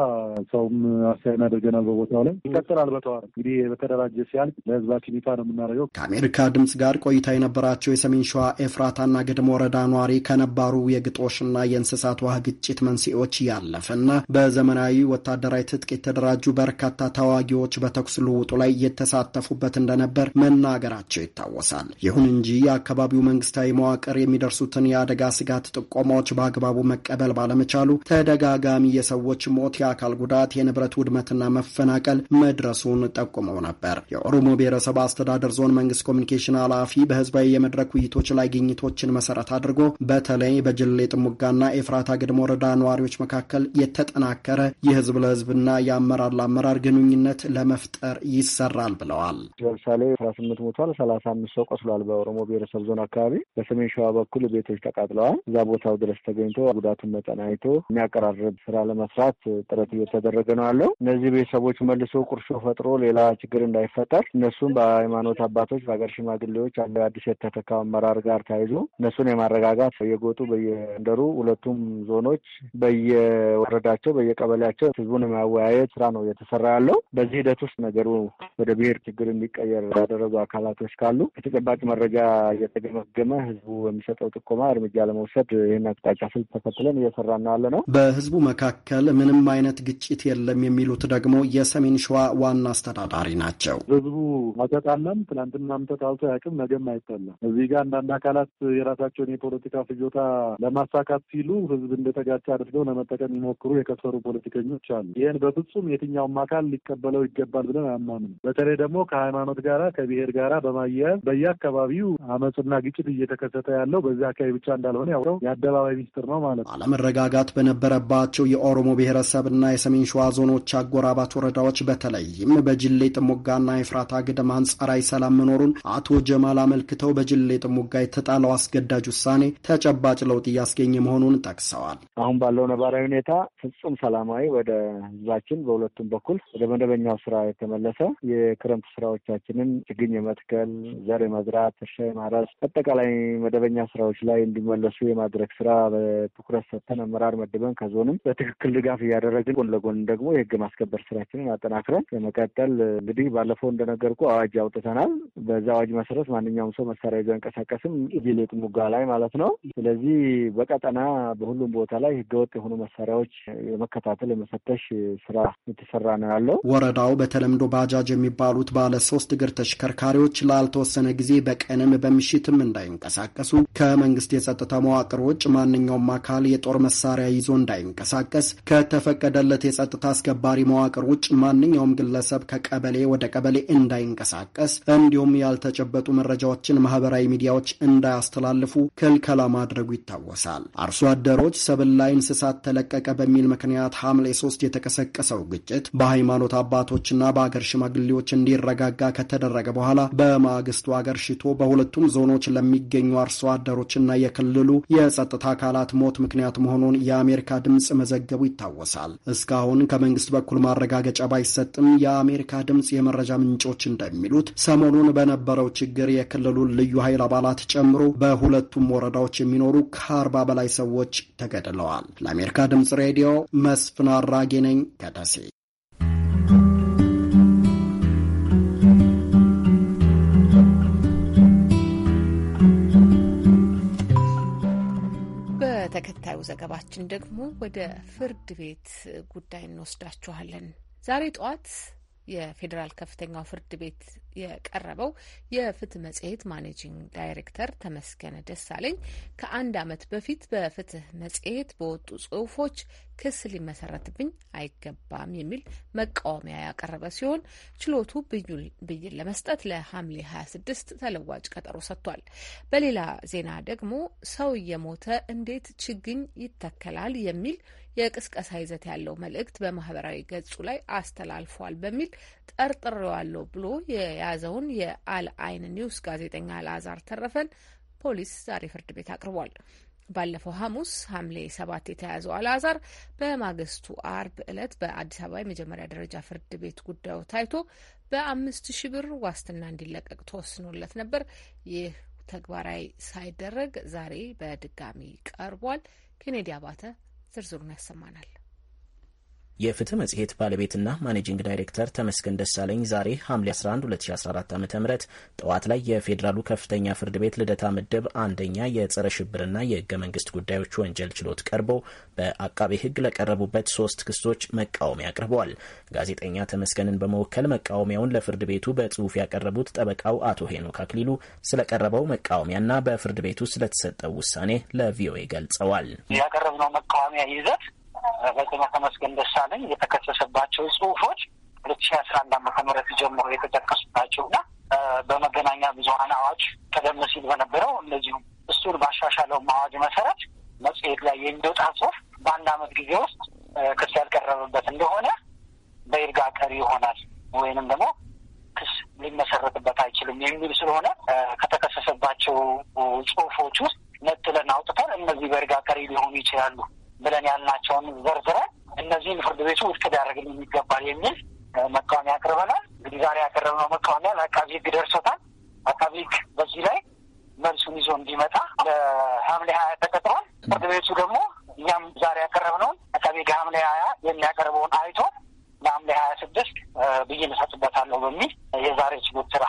ሰውም አስተያየን አድርገናል። በቦታው ላይ ይቀጥላል በተዋ ተደርገዋል። እንግዲህ በተደራጀ ሲያልቅ ለህዝባችን ይፋ ነው የምናደርገው። ከአሜሪካ ድምጽ ጋር ቆይታ የነበራቸው የሰሜን ሸዋ ኤፍራታና ግድም ወረዳ ነዋሪ ከነባሩ የግጦሽና የእንስሳት ውሃ ግጭት መንስኤዎች ያለፈና በዘመናዊ ወታደራዊ ትጥቅ የተደራጁ በርካታ ተዋጊዎች በተኩስ ልውጡ ላይ የተሳተፉበት እንደነበር መናገራቸው ይታወሳል። ይሁን እንጂ የአካባቢው መንግስታዊ መዋቅር የሚደርሱትን የአደጋ ስጋት ጥቆማዎች በአግባቡ መቀበል ባለመቻሉ ተደጋጋሚ የሰዎች ሞት፣ የአካል ጉዳት፣ የንብረት ውድመትና መፈናቀል መድረሱን መሆኑን ጠቁመው ነበር። የኦሮሞ ብሔረሰብ አስተዳደር ዞን መንግስት ኮሚኒኬሽን ኃላፊ በህዝባዊ የመድረክ ውይይቶች ላይ ግኝቶችን መሰረት አድርጎ በተለይ በጅሌ ጥሙጋና ኤፍራታ ግድም ወረዳ ነዋሪዎች መካከል የተጠናከረ የህዝብ ለህዝብና የአመራር ለአመራር ግንኙነት ለመፍጠር ይሰራል ብለዋል። ለምሳሌ አስራ ስምንት ሞቷል፣ ሰላሳ አምስት ሰው ቆስሏል። በኦሮሞ ብሔረሰብ ዞን አካባቢ በሰሜን ሸዋ በኩል ቤቶች ተቃጥለዋል። እዛ ቦታው ድረስ ተገኝቶ ጉዳቱን መጠን አይቶ የሚያቀራርብ ስራ ለመስራት ጥረት እየተደረገ ነው ያለው። እነዚህ ቤተሰቦች መልሶ ቁርሾ ፈጥሮ ሌላ ችግር እንዳይፈጠር እነሱም በሃይማኖት አባቶች፣ በሀገር ሽማግሌዎች አዲስ የተተካው አመራር ጋር ተያይዞ እነሱን የማረጋጋት የጎጡ በየመንደሩ ሁለቱም ዞኖች በየወረዳቸው በየቀበሌያቸው ህዝቡን የማወያየት ስራ ነው እየተሰራ ያለው። በዚህ ሂደት ውስጥ ነገሩ ወደ ብሔር ችግር እንዲቀየር ያደረጉ አካላቶች ካሉ የተጨባጭ መረጃ እየተገመገመ ህዝቡ የሚሰጠው ጥቆማ እርምጃ ለመውሰድ ይህን አቅጣጫ ስልት ተከትለን እየሰራን ያለ ነው። በህዝቡ መካከል ምንም አይነት ግጭት የለም የሚሉት ደግሞ የሰሜን ሸዋ ዋና አስተዳዳሪ ናቸው። ህዝቡ አልተጣላም፣ ትናንትናም ተጣልቶ አያውቅም፣ ነገም አይጣላም። እዚህ ጋር አንዳንድ አካላት የራሳቸውን የፖለቲካ ፍጆታ ለማሳካት ሲሉ ህዝብ እንደተጋጨ አድርገው ለመጠቀም የሚሞክሩ የከሰሩ ፖለቲከኞች አሉ። ይህን በፍጹም የትኛውም አካል ሊቀበለው ይገባል ብለን አናምንም። በተለይ ደግሞ ከሃይማኖት ጋራ ከብሔር ጋራ በማያያዝ በየአካባቢው አመፅና ግጭት እየተከሰተ ያለው በዚህ አካባቢ ብቻ እንዳልሆነ ያውቀው የአደባባይ ሚስጥር ነው ማለት ነው። አለመረጋጋት በነበረባቸው የኦሮሞ ብሔረሰብና የሰሜን ሸዋ ዞኖች አጎራባት ወረዳዎች በተለይም በ በጅሌ ጥሞጋና የፍራታ ገደማ አንጻራዊ ሰላም መኖሩን አቶ ጀማል አመልክተው በጅሌ ጥሞጋ የተጣለው አስገዳጅ ውሳኔ ተጨባጭ ለውጥ እያስገኘ መሆኑን ጠቅሰዋል። አሁን ባለው ነባራዊ ሁኔታ ፍጹም ሰላማዊ ወደ ህዝባችን በሁለቱም በኩል ወደ መደበኛው ስራ የተመለሰ የክረምት ስራዎቻችንን ችግኝ የመትከል፣ ዘር የመዝራት፣ እርሻ የማረስ አጠቃላይ መደበኛ ስራዎች ላይ እንዲመለሱ የማድረግ ስራ በትኩረት ሰጥተን አመራር መድበን ከዞንም በትክክል ድጋፍ እያደረግን ጎን ለጎን ደግሞ የህግ ማስከበር ስራችንን አጠናክረን የመቀጠል በመቀጠል እንግዲህ ባለፈው እንደነገርኩ አዋጅ አውጥተናል። በዛ አዋጅ መሰረት ማንኛውም ሰው መሳሪያ ይዞ አይንቀሳቀስም ኢቪል ሙጋ ላይ ማለት ነው። ስለዚህ በቀጠና በሁሉም ቦታ ላይ ህገወጥ የሆኑ መሳሪያዎች የመከታተል የመፈተሽ ስራ የተሰራ ነው ያለው። ወረዳው በተለምዶ ባጃጅ የሚባሉት ባለ ሶስት እግር ተሽከርካሪዎች ላልተወሰነ ጊዜ በቀንም በምሽትም እንዳይንቀሳቀሱ ከመንግስት የጸጥታ መዋቅሮች ማንኛውም አካል የጦር መሳሪያ ይዞ እንዳይንቀሳቀስ ከተፈቀደለት የጸጥታ አስከባሪ መዋቅር ውጭ ማንኛውም ግለሰብ ከቀበሌ ወደ ቀበሌ እንዳይንቀሳቀስ እንዲሁም ያልተጨበጡ መረጃዎችን ማህበራዊ ሚዲያዎች እንዳያስተላልፉ ክልከላ ማድረጉ ይታወሳል። አርሶ አደሮች ሰብል ላይ እንስሳት ተለቀቀ በሚል ምክንያት ሐምሌ ሶስት የተቀሰቀሰው ግጭት በሃይማኖት አባቶችና በአገር ሽማግሌዎች እንዲረጋጋ ከተደረገ በኋላ በማግስቱ አገር ሽቶ በሁለቱም ዞኖች ለሚገኙ አርሶ አደሮችና የክልሉ የጸጥታ አካላት ሞት ምክንያት መሆኑን የአሜሪካ ድምፅ መዘገቡ ይታወሳል። እስካሁን ከመንግስት በኩል ማረጋገጫ ባይሰጥም የአሜ የአሜሪካ ድምፅ የመረጃ ምንጮች እንደሚሉት ሰሞኑን በነበረው ችግር የክልሉን ልዩ ኃይል አባላት ጨምሮ በሁለቱም ወረዳዎች የሚኖሩ ከአርባ በላይ ሰዎች ተገድለዋል። ለአሜሪካ ድምፅ ሬዲዮ መስፍን አራጌ ነኝ ከደሴ። በተከታዩ ዘገባችን ደግሞ ወደ ፍርድ ቤት ጉዳይ እንወስዳችኋለን። ዛሬ ጠዋት የፌዴራል ከፍተኛው ፍርድ ቤት የቀረበው የፍትህ መጽሔት ማኔጂንግ ዳይሬክተር ተመስገነ ደሳለኝ ከአንድ ዓመት በፊት በፍትህ መጽሔት በወጡ ጽሁፎች ክስ ሊመሰረትብኝ አይገባም የሚል መቃወሚያ ያቀረበ ሲሆን ችሎቱ ብይን ለመስጠት ለሐምሌ 26 ተለዋጭ ቀጠሮ ሰጥቷል። በሌላ ዜና ደግሞ ሰው እየሞተ እንዴት ችግኝ ይተከላል የሚል የቅስቀሳ ይዘት ያለው መልእክት በማህበራዊ ገጹ ላይ አስተላልፏል በሚል ጠርጥሬዋለሁ ብሎ የያዘውን የአልአይን ኒውስ ጋዜጠኛ አልአዛር ተረፈን ፖሊስ ዛሬ ፍርድ ቤት አቅርቧል። ባለፈው ሐሙስ ሐምሌ ሰባት የተያዘው አልአዛር በማግስቱ አርብ ዕለት በአዲስ አበባ የመጀመሪያ ደረጃ ፍርድ ቤት ጉዳዩ ታይቶ በአምስት ሺህ ብር ዋስትና እንዲለቀቅ ተወስኖለት ነበር። ይህ ተግባራዊ ሳይደረግ ዛሬ በድጋሚ ቀርቧል። ኬኔዲ አባተ ዝርዝሩን ያሰማናል። የፍትህ መጽሔት ባለቤትና ማኔጂንግ ዳይሬክተር ተመስገን ደሳለኝ ዛሬ ሐምሌ 11 2014 ዓ ም ጠዋት ላይ የፌዴራሉ ከፍተኛ ፍርድ ቤት ልደታ ምድብ አንደኛ የጸረ ሽብርና የህገ መንግስት ጉዳዮች ወንጀል ችሎት ቀርቦ በአቃቤ ህግ ለቀረቡበት ሶስት ክሶች መቃወሚያ አቅርበዋል። ጋዜጠኛ ተመስገንን በመወከል መቃወሚያውን ለፍርድ ቤቱ በጽሁፍ ያቀረቡት ጠበቃው አቶ ሄኖክ አክሊሉ ስለቀረበው መቃወሚያና በፍርድ ቤቱ ስለተሰጠው ውሳኔ ለቪኦኤ ገልጸዋል። ያቀረብነው መቃወሚያ ይዘት ጋዜጠኛ ተመስገን ደሳለኝ የተከሰሰባቸው ጽሁፎች ሁለት ሺ አስራ አንድ አመተ ምህረት ጀምሮ የተጠቀሱ ናቸውና በመገናኛ ብዙሀን አዋጅ ቀደም ሲል በነበረው እንደዚሁም እሱን ባሻሻለው አዋጅ መሰረት መጽሔት ላይ የሚወጣ ጽሁፍ በአንድ አመት ጊዜ ውስጥ ክስ ያልቀረበበት እንደሆነ በይርጋ ቀሪ ይሆናል ወይንም ደግሞ ክስ ሊመሰረትበት አይችልም የሚል ስለሆነ ከተከሰሰባቸው ጽሁፎች ውስጥ ነጥለን አውጥተን እነዚህ በይርጋ ቀሪ ሊሆኑ ይችላሉ ብለን ያልናቸውን ዘርዝረን እነዚህን ፍርድ ቤቱ ውድቅ ሊያደርግልን የሚገባል የሚል መቃወሚያ አቅርበናል። እንግዲህ ዛሬ ያቀረብነው መቃወሚያ ለአቃቢ ህግ ደርሶታል። አቃቢ ህግ በዚህ ላይ መልሱን ይዞ እንዲመጣ ለሐምሌ ሀያ ተቀጥሯል። ፍርድ ቤቱ ደግሞ እኛም ዛሬ ያቀረብነውን አቃቢ ህግ ሐምሌ ሀያ የሚያቀርበውን አይቶ ለሐምሌ ሀያ ስድስት ብይን እሰጥበታለሁ በሚል የዛሬ ችሎት ስራ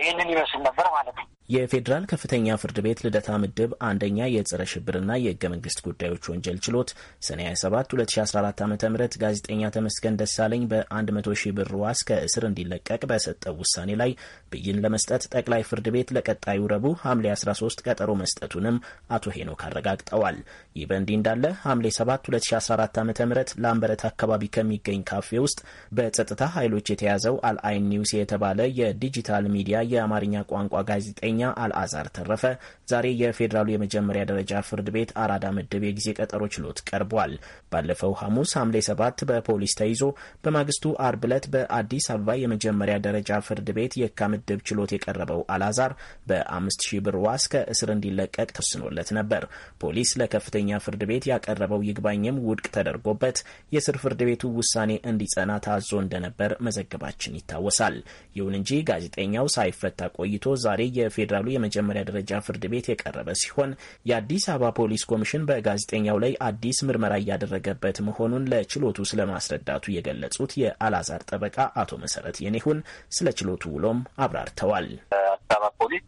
ይህንን ይመስል ነበር ማለት ነው። የፌዴራል ከፍተኛ ፍርድ ቤት ልደታ ምድብ አንደኛ የጸረ ሽብርና የህገ መንግስት ጉዳዮች ወንጀል ችሎት ሰኔ 27 2014 ዓ ም ጋዜጠኛ ተመስገን ደሳለኝ በ100 ሺህ ብር ዋስ ከእስር እንዲለቀቅ በሰጠው ውሳኔ ላይ ብይን ለመስጠት ጠቅላይ ፍርድ ቤት ለቀጣዩ ረቡዕ ሐምሌ 13 ቀጠሮ መስጠቱንም አቶ ሄኖክ አረጋግጠዋል። ይህ በእንዲህ እንዳለ ሐምሌ 7 2014 ዓ ም ላምበረት አካባቢ ከሚገኝ ካፌ ውስጥ በጸጥታ ኃይሎች የተያዘው አልአይን ኒውስ የተባለ የዲጂታል ሚዲያ የአማርኛ ቋንቋ ጋዜጠኛ ዳኛ አልአዛር ተረፈ ዛሬ የፌዴራሉ የመጀመሪያ ደረጃ ፍርድ ቤት አራዳ ምድብ የጊዜ ቀጠሮ ችሎት ቀርቧል። ባለፈው ሐሙስ ሐምሌ 7 በፖሊስ ተይዞ በማግስቱ አርብ ዕለት በአዲስ አበባ የመጀመሪያ ደረጃ ፍርድ ቤት የካ ምድብ ችሎት የቀረበው አልአዛር በአምስት ሺህ ብር ዋስ ከእስር እንዲለቀቅ ተወስኖለት ነበር። ፖሊስ ለከፍተኛ ፍርድ ቤት ያቀረበው ይግባኝም ውድቅ ተደርጎበት የስር ፍርድ ቤቱ ውሳኔ እንዲጸና ታዞ እንደነበር መዘገባችን ይታወሳል። ይሁን እንጂ ጋዜጠኛው ሳይፈታ ቆይቶ ዛሬ የፌ ለፌዴራሉ የመጀመሪያ ደረጃ ፍርድ ቤት የቀረበ ሲሆን የአዲስ አበባ ፖሊስ ኮሚሽን በጋዜጠኛው ላይ አዲስ ምርመራ እያደረገበት መሆኑን ለችሎቱ ስለማስረዳቱ የገለጹት የአላዛር ጠበቃ አቶ መሰረት የኔሁን ስለ ችሎቱ ውሎም አብራርተዋል። አዲስ አበባ ፖሊስ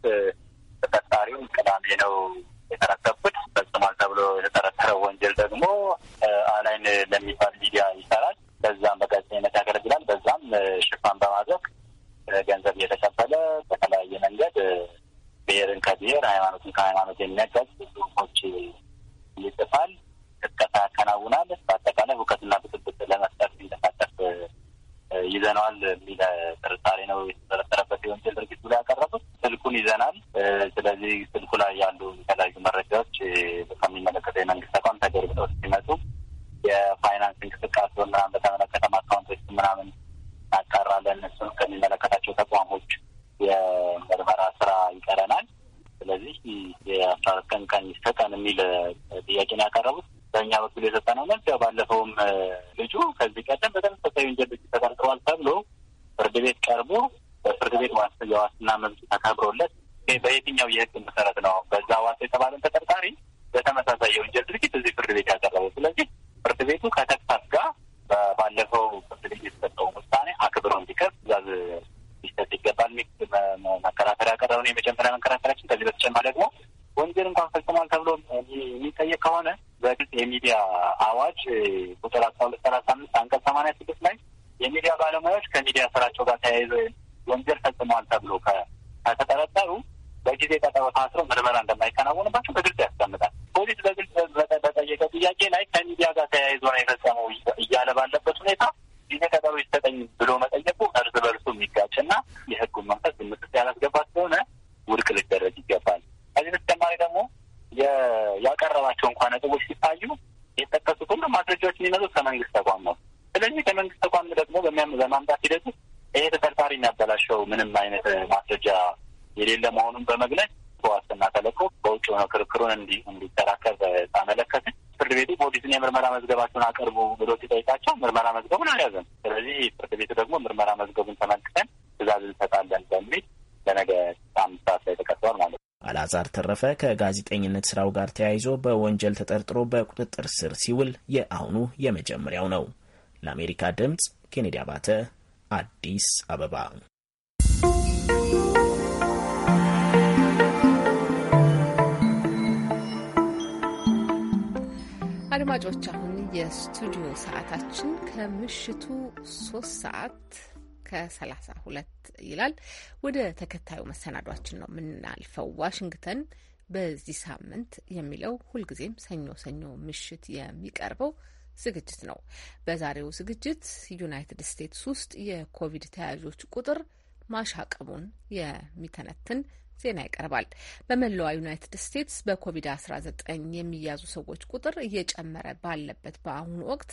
ተጠርጣሪውን ቅዳሜ ነው የተረከብኩት ፈጽሟል ተብሎ የተጠረጠረው ወንጀል ደግሞ አላይን ለሚባል ሚዲያ ይሰራል። በዛም በጋዜጠኝነት ያገለግላል። በዛም ሽፋን በማድረግ ገንዘብ እየተቀበለ በተለያየ መንገድ ብሔርን ከብሔር ሃይማኖትን ከሃይማኖት የሚያጋጭ ጽሁፎች ይጽፋል፣ ቅስቀሳ ያከናውናል። በአጠቃላይ እውቀትና ብጥብጥ ለመፍጠር ሲንቀሳቀስ ይዘነዋል የሚል ጥርጣሬ ነው የተጠረጠረበት የወንጀል ድርጊት ላይ ያቀረቡት። ስልኩን ይዘናል። ስለዚህ ስልኩ ላይ ያሉ የተለያዩ መረጃዎች ከሚመለከተው የመንግስት ከጋዜጠኝነት ስራው ጋር ተያይዞ በወንጀል ተጠርጥሮ በቁጥጥር ስር ሲውል የአሁኑ የመጀመሪያው ነው። ለአሜሪካ ድምፅ ኬኔዲ አባተ አዲስ አበባ። አድማጮች አሁን የስቱዲዮ ሰዓታችን ከምሽቱ ሶስት ሰዓት ከሰላሳ ሁለት ይላል። ወደ ተከታዩ መሰናዷችን ነው የምናልፈው ዋሽንግተን በዚህ ሳምንት የሚለው ሁልጊዜም ሰኞ ሰኞ ምሽት የሚቀርበው ዝግጅት ነው። በዛሬው ዝግጅት ዩናይትድ ስቴትስ ውስጥ የኮቪድ ተያዦች ቁጥር ማሻቀቡን የሚተነትን ዜና ይቀርባል። በመላዋ ዩናይትድ ስቴትስ በኮቪድ-19 የሚያዙ ሰዎች ቁጥር እየጨመረ ባለበት በአሁኑ ወቅት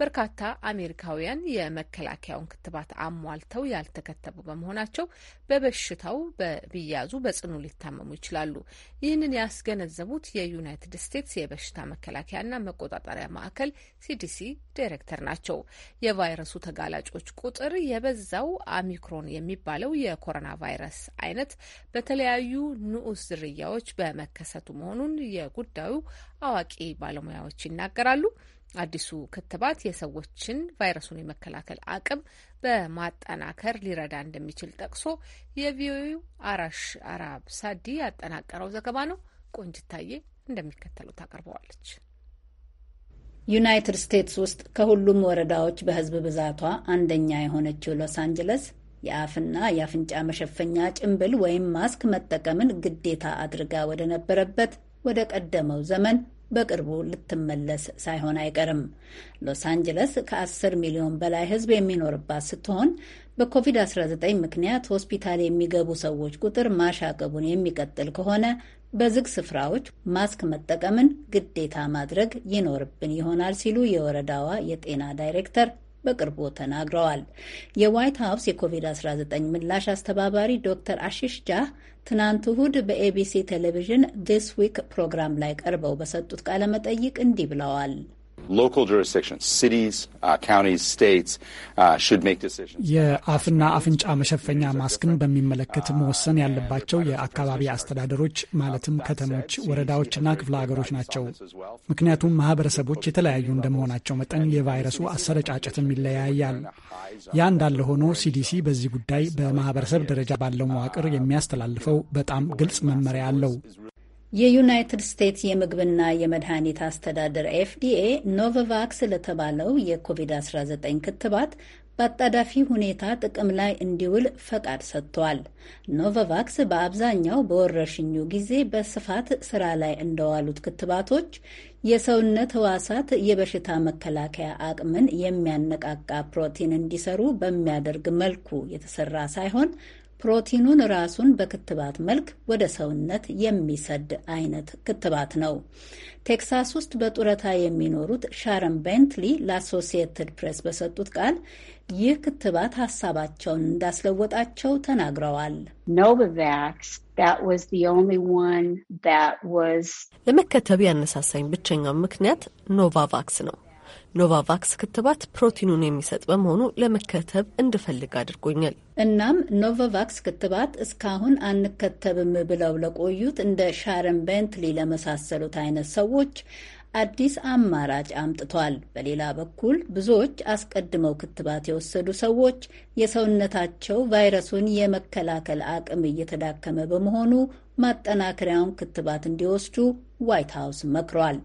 በርካታ አሜሪካውያን የመከላከያውን ክትባት አሟልተው ያልተከተቡ በመሆናቸው በበሽታው በቢያዙ በጽኑ ሊታመሙ ይችላሉ። ይህንን ያስገነዘቡት የዩናይትድ ስቴትስ የበሽታ መከላከያና መቆጣጠሪያ ማዕከል ሲዲሲ ዳይሬክተር ናቸው። የቫይረሱ ተጋላጮች ቁጥር የበዛው ኦሚክሮን የሚባለው የኮሮና ቫይረስ አይነት በተለያ የተለያዩ ንዑስ ዝርያዎች በመከሰቱ መሆኑን የጉዳዩ አዋቂ ባለሙያዎች ይናገራሉ። አዲሱ ክትባት የሰዎችን ቫይረሱን የመከላከል አቅም በማጠናከር ሊረዳ እንደሚችል ጠቅሶ የቪኦኤው አራሽ አራብ ሳዲ ያጠናቀረው ዘገባ ነው። ቆንጅታዬ እንደሚከተለው ታቀርበዋለች። ዩናይትድ ስቴትስ ውስጥ ከሁሉም ወረዳዎች በህዝብ ብዛቷ አንደኛ የሆነችው ሎስ አንጀለስ የአፍና የአፍንጫ መሸፈኛ ጭንብል ወይም ማስክ መጠቀምን ግዴታ አድርጋ ወደ ነበረበት ወደ ቀደመው ዘመን በቅርቡ ልትመለስ ሳይሆን አይቀርም። ሎስ አንጀለስ ከ10 ሚሊዮን በላይ ሕዝብ የሚኖርባት ስትሆን በኮቪድ-19 ምክንያት ሆስፒታል የሚገቡ ሰዎች ቁጥር ማሻቀቡን የሚቀጥል ከሆነ በዝግ ስፍራዎች ማስክ መጠቀምን ግዴታ ማድረግ ይኖርብን ይሆናል ሲሉ የወረዳዋ የጤና ዳይሬክተር በቅርቡ ተናግረዋል። የዋይት ሀውስ የኮቪድ-19 ምላሽ አስተባባሪ ዶክተር አሺሽ ጃ ትናንት እሁድ በኤቢሲ ቴሌቪዥን ዲስ ዊክ ፕሮግራም ላይ ቀርበው በሰጡት ቃለ መጠይቅ እንዲህ ብለዋል። የአፍና አፍንጫ መሸፈኛ ማስክን በሚመለከት መወሰን ያለባቸው የአካባቢ አስተዳደሮች ማለትም ከተሞች፣ ወረዳዎችና ክፍለ ሀገሮች ናቸው። ምክንያቱም ማህበረሰቦች የተለያዩ እንደመሆናቸው መጠን የቫይረሱ አሰረጫጨትም ይለያያል። ያ እንዳለ ሆኖ ሲዲሲ በዚህ ጉዳይ በማህበረሰብ ደረጃ ባለው መዋቅር የሚያስተላልፈው በጣም ግልጽ መመሪያ አለው። የዩናይትድ ስቴትስ የምግብና የመድኃኒት አስተዳደር ኤፍዲኤ ኖቨቫክስ ለተባለው የኮቪድ-19 ክትባት በአጣዳፊ ሁኔታ ጥቅም ላይ እንዲውል ፈቃድ ሰጥቷል። ኖቫቫክስ በአብዛኛው በወረርሽኙ ጊዜ በስፋት ስራ ላይ እንደዋሉት ክትባቶች የሰውነት ህዋሳት የበሽታ መከላከያ አቅምን የሚያነቃቃ ፕሮቲን እንዲሰሩ በሚያደርግ መልኩ የተሰራ ሳይሆን ፕሮቲኑን ራሱን በክትባት መልክ ወደ ሰውነት የሚሰድ አይነት ክትባት ነው። ቴክሳስ ውስጥ በጡረታ የሚኖሩት ሻረን ቤንትሊ ለአሶሲየትድ ፕሬስ በሰጡት ቃል ይህ ክትባት ሀሳባቸውን እንዳስለወጣቸው ተናግረዋል። ለመከተብ ያነሳሳኝ ብቸኛው ምክንያት ኖቫቫክስ ነው። ኖቫቫክስ ክትባት ፕሮቲኑን የሚሰጥ በመሆኑ ለመከተብ እንድፈልግ አድርጎኛል። እናም ኖቫቫክስ ክትባት እስካሁን አንከተብም ብለው ለቆዩት እንደ ሻረን ቤንትሊ ለመሳሰሉት አይነት ሰዎች አዲስ አማራጭ አምጥቷል። በሌላ በኩል ብዙዎች አስቀድመው ክትባት የወሰዱ ሰዎች የሰውነታቸው ቫይረሱን የመከላከል አቅም እየተዳከመ በመሆኑ ማጠናከሪያውን ክትባት እንዲወስዱ ዋይት ሀውስ መክሯል።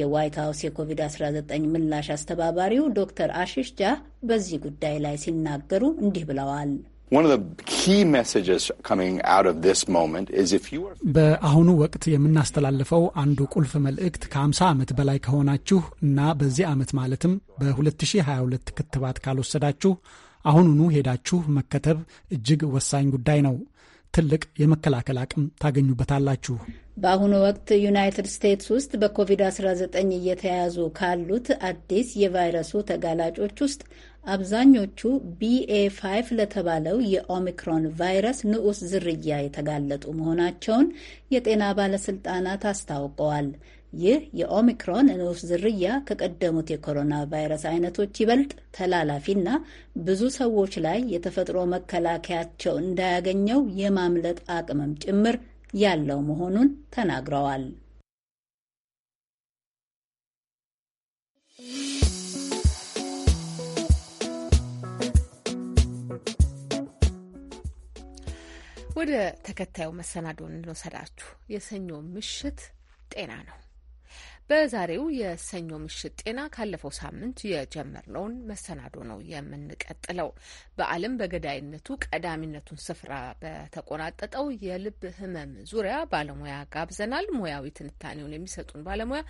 የዋይት ሀውስ የኮቪድ-19 ምላሽ አስተባባሪው ዶክተር አሽሽ ጃ በዚህ ጉዳይ ላይ ሲናገሩ እንዲህ ብለዋል። በአሁኑ ወቅት የምናስተላልፈው አንዱ ቁልፍ መልእክት ከ50 ዓመት በላይ ከሆናችሁ እና በዚህ ዓመት ማለትም በ2022 ክትባት ካልወሰዳችሁ አሁኑኑ ሄዳችሁ መከተብ እጅግ ወሳኝ ጉዳይ ነው። ትልቅ የመከላከል አቅም ታገኙበታላችሁ። በአሁኑ ወቅት ዩናይትድ ስቴትስ ውስጥ በኮቪድ-19 እየተያዙ ካሉት አዲስ የቫይረሱ ተጋላጮች ውስጥ አብዛኞቹ ቢኤ 5 ለተባለው የኦሚክሮን ቫይረስ ንዑስ ዝርያ የተጋለጡ መሆናቸውን የጤና ባለስልጣናት አስታውቀዋል። ይህ የኦሚክሮን ንዑስ ዝርያ ከቀደሙት የኮሮና ቫይረስ አይነቶች ይበልጥ ተላላፊና ብዙ ሰዎች ላይ የተፈጥሮ መከላከያቸው እንዳያገኘው የማምለጥ አቅምም ጭምር ያለው መሆኑን ተናግረዋል። ወደ ተከታዩ መሰናዶን እንወሰዳችሁ። የሰኞ ምሽት ጤና ነው። በዛሬው የሰኞ ምሽት ጤና ካለፈው ሳምንት የጀመርነውን መሰናዶ ነው የምንቀጥለው። በዓለም በገዳይነቱ ቀዳሚነቱን ስፍራ በተቆናጠጠው የልብ ሕመም ዙሪያ ባለሙያ ጋብዘናል። ሙያዊ ትንታኔውን የሚሰጡን ባለሙያ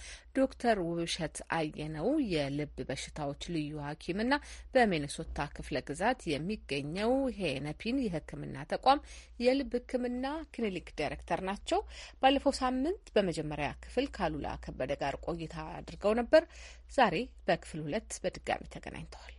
ዶክተር ውብሸት አየነው የልብ በሽታዎች ልዩ እና በሚኒሶታ ክፍለ ግዛት የሚገኘው ሄነፒን የሕክምና ተቋም የልብ ሕክምና ክሊኒክ ዳይሬክተር ናቸው። ባለፈው ሳምንት በመጀመሪያ ክፍል ካሉላ ከበደ ጋር ቆይታ አድርገው ነበር። ዛሬ በክፍል ሁለት በድጋሚ ተገናኝተዋል።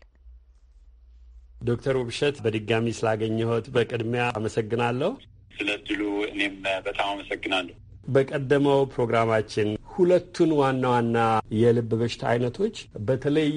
ዶክተር ውብሸት በድጋሚ ስላገኘሁት በቅድሚያ አመሰግናለሁ። ስለ እድሉ እኔም በጣም አመሰግናለሁ። በቀደመው ፕሮግራማችን ሁለቱን ዋና ዋና የልብ በሽታ አይነቶች በተለይ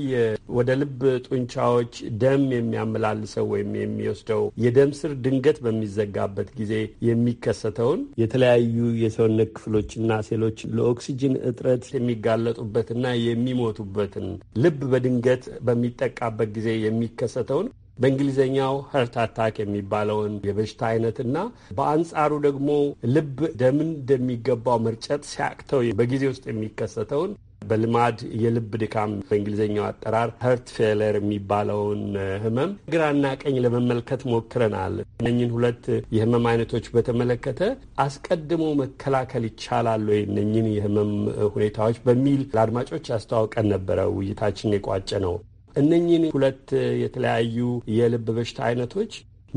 ወደ ልብ ጡንቻዎች ደም የሚያመላልሰው ወይም የሚወስደው የደም ስር ድንገት በሚዘጋበት ጊዜ የሚከሰተውን የተለያዩ የሰውነት ክፍሎችና ሴሎች ለኦክሲጅን እጥረት የሚጋለጡበትና የሚሞቱበትን ልብ በድንገት በሚጠቃበት ጊዜ የሚከሰተውን በእንግሊዝኛው ሀርት አታክ የሚባለውን የበሽታ አይነትና በአንጻሩ ደግሞ ልብ ደምን እንደሚገባው መርጨት ሲያቅተው በጊዜ ውስጥ የሚከሰተውን በልማድ የልብ ድካም በእንግሊዝኛው አጠራር ሀርት ፌለር የሚባለውን ህመም ግራና ቀኝ ለመመልከት ሞክረናል። እነኝን ሁለት የህመም አይነቶች በተመለከተ አስቀድሞ መከላከል ይቻላል ወይ እነኝን የህመም ሁኔታዎች በሚል ለአድማጮች ያስተዋውቀን ነበረ። ውይይታችን የቋጨ ነው። እነኚህን ሁለት የተለያዩ የልብ በሽታ አይነቶች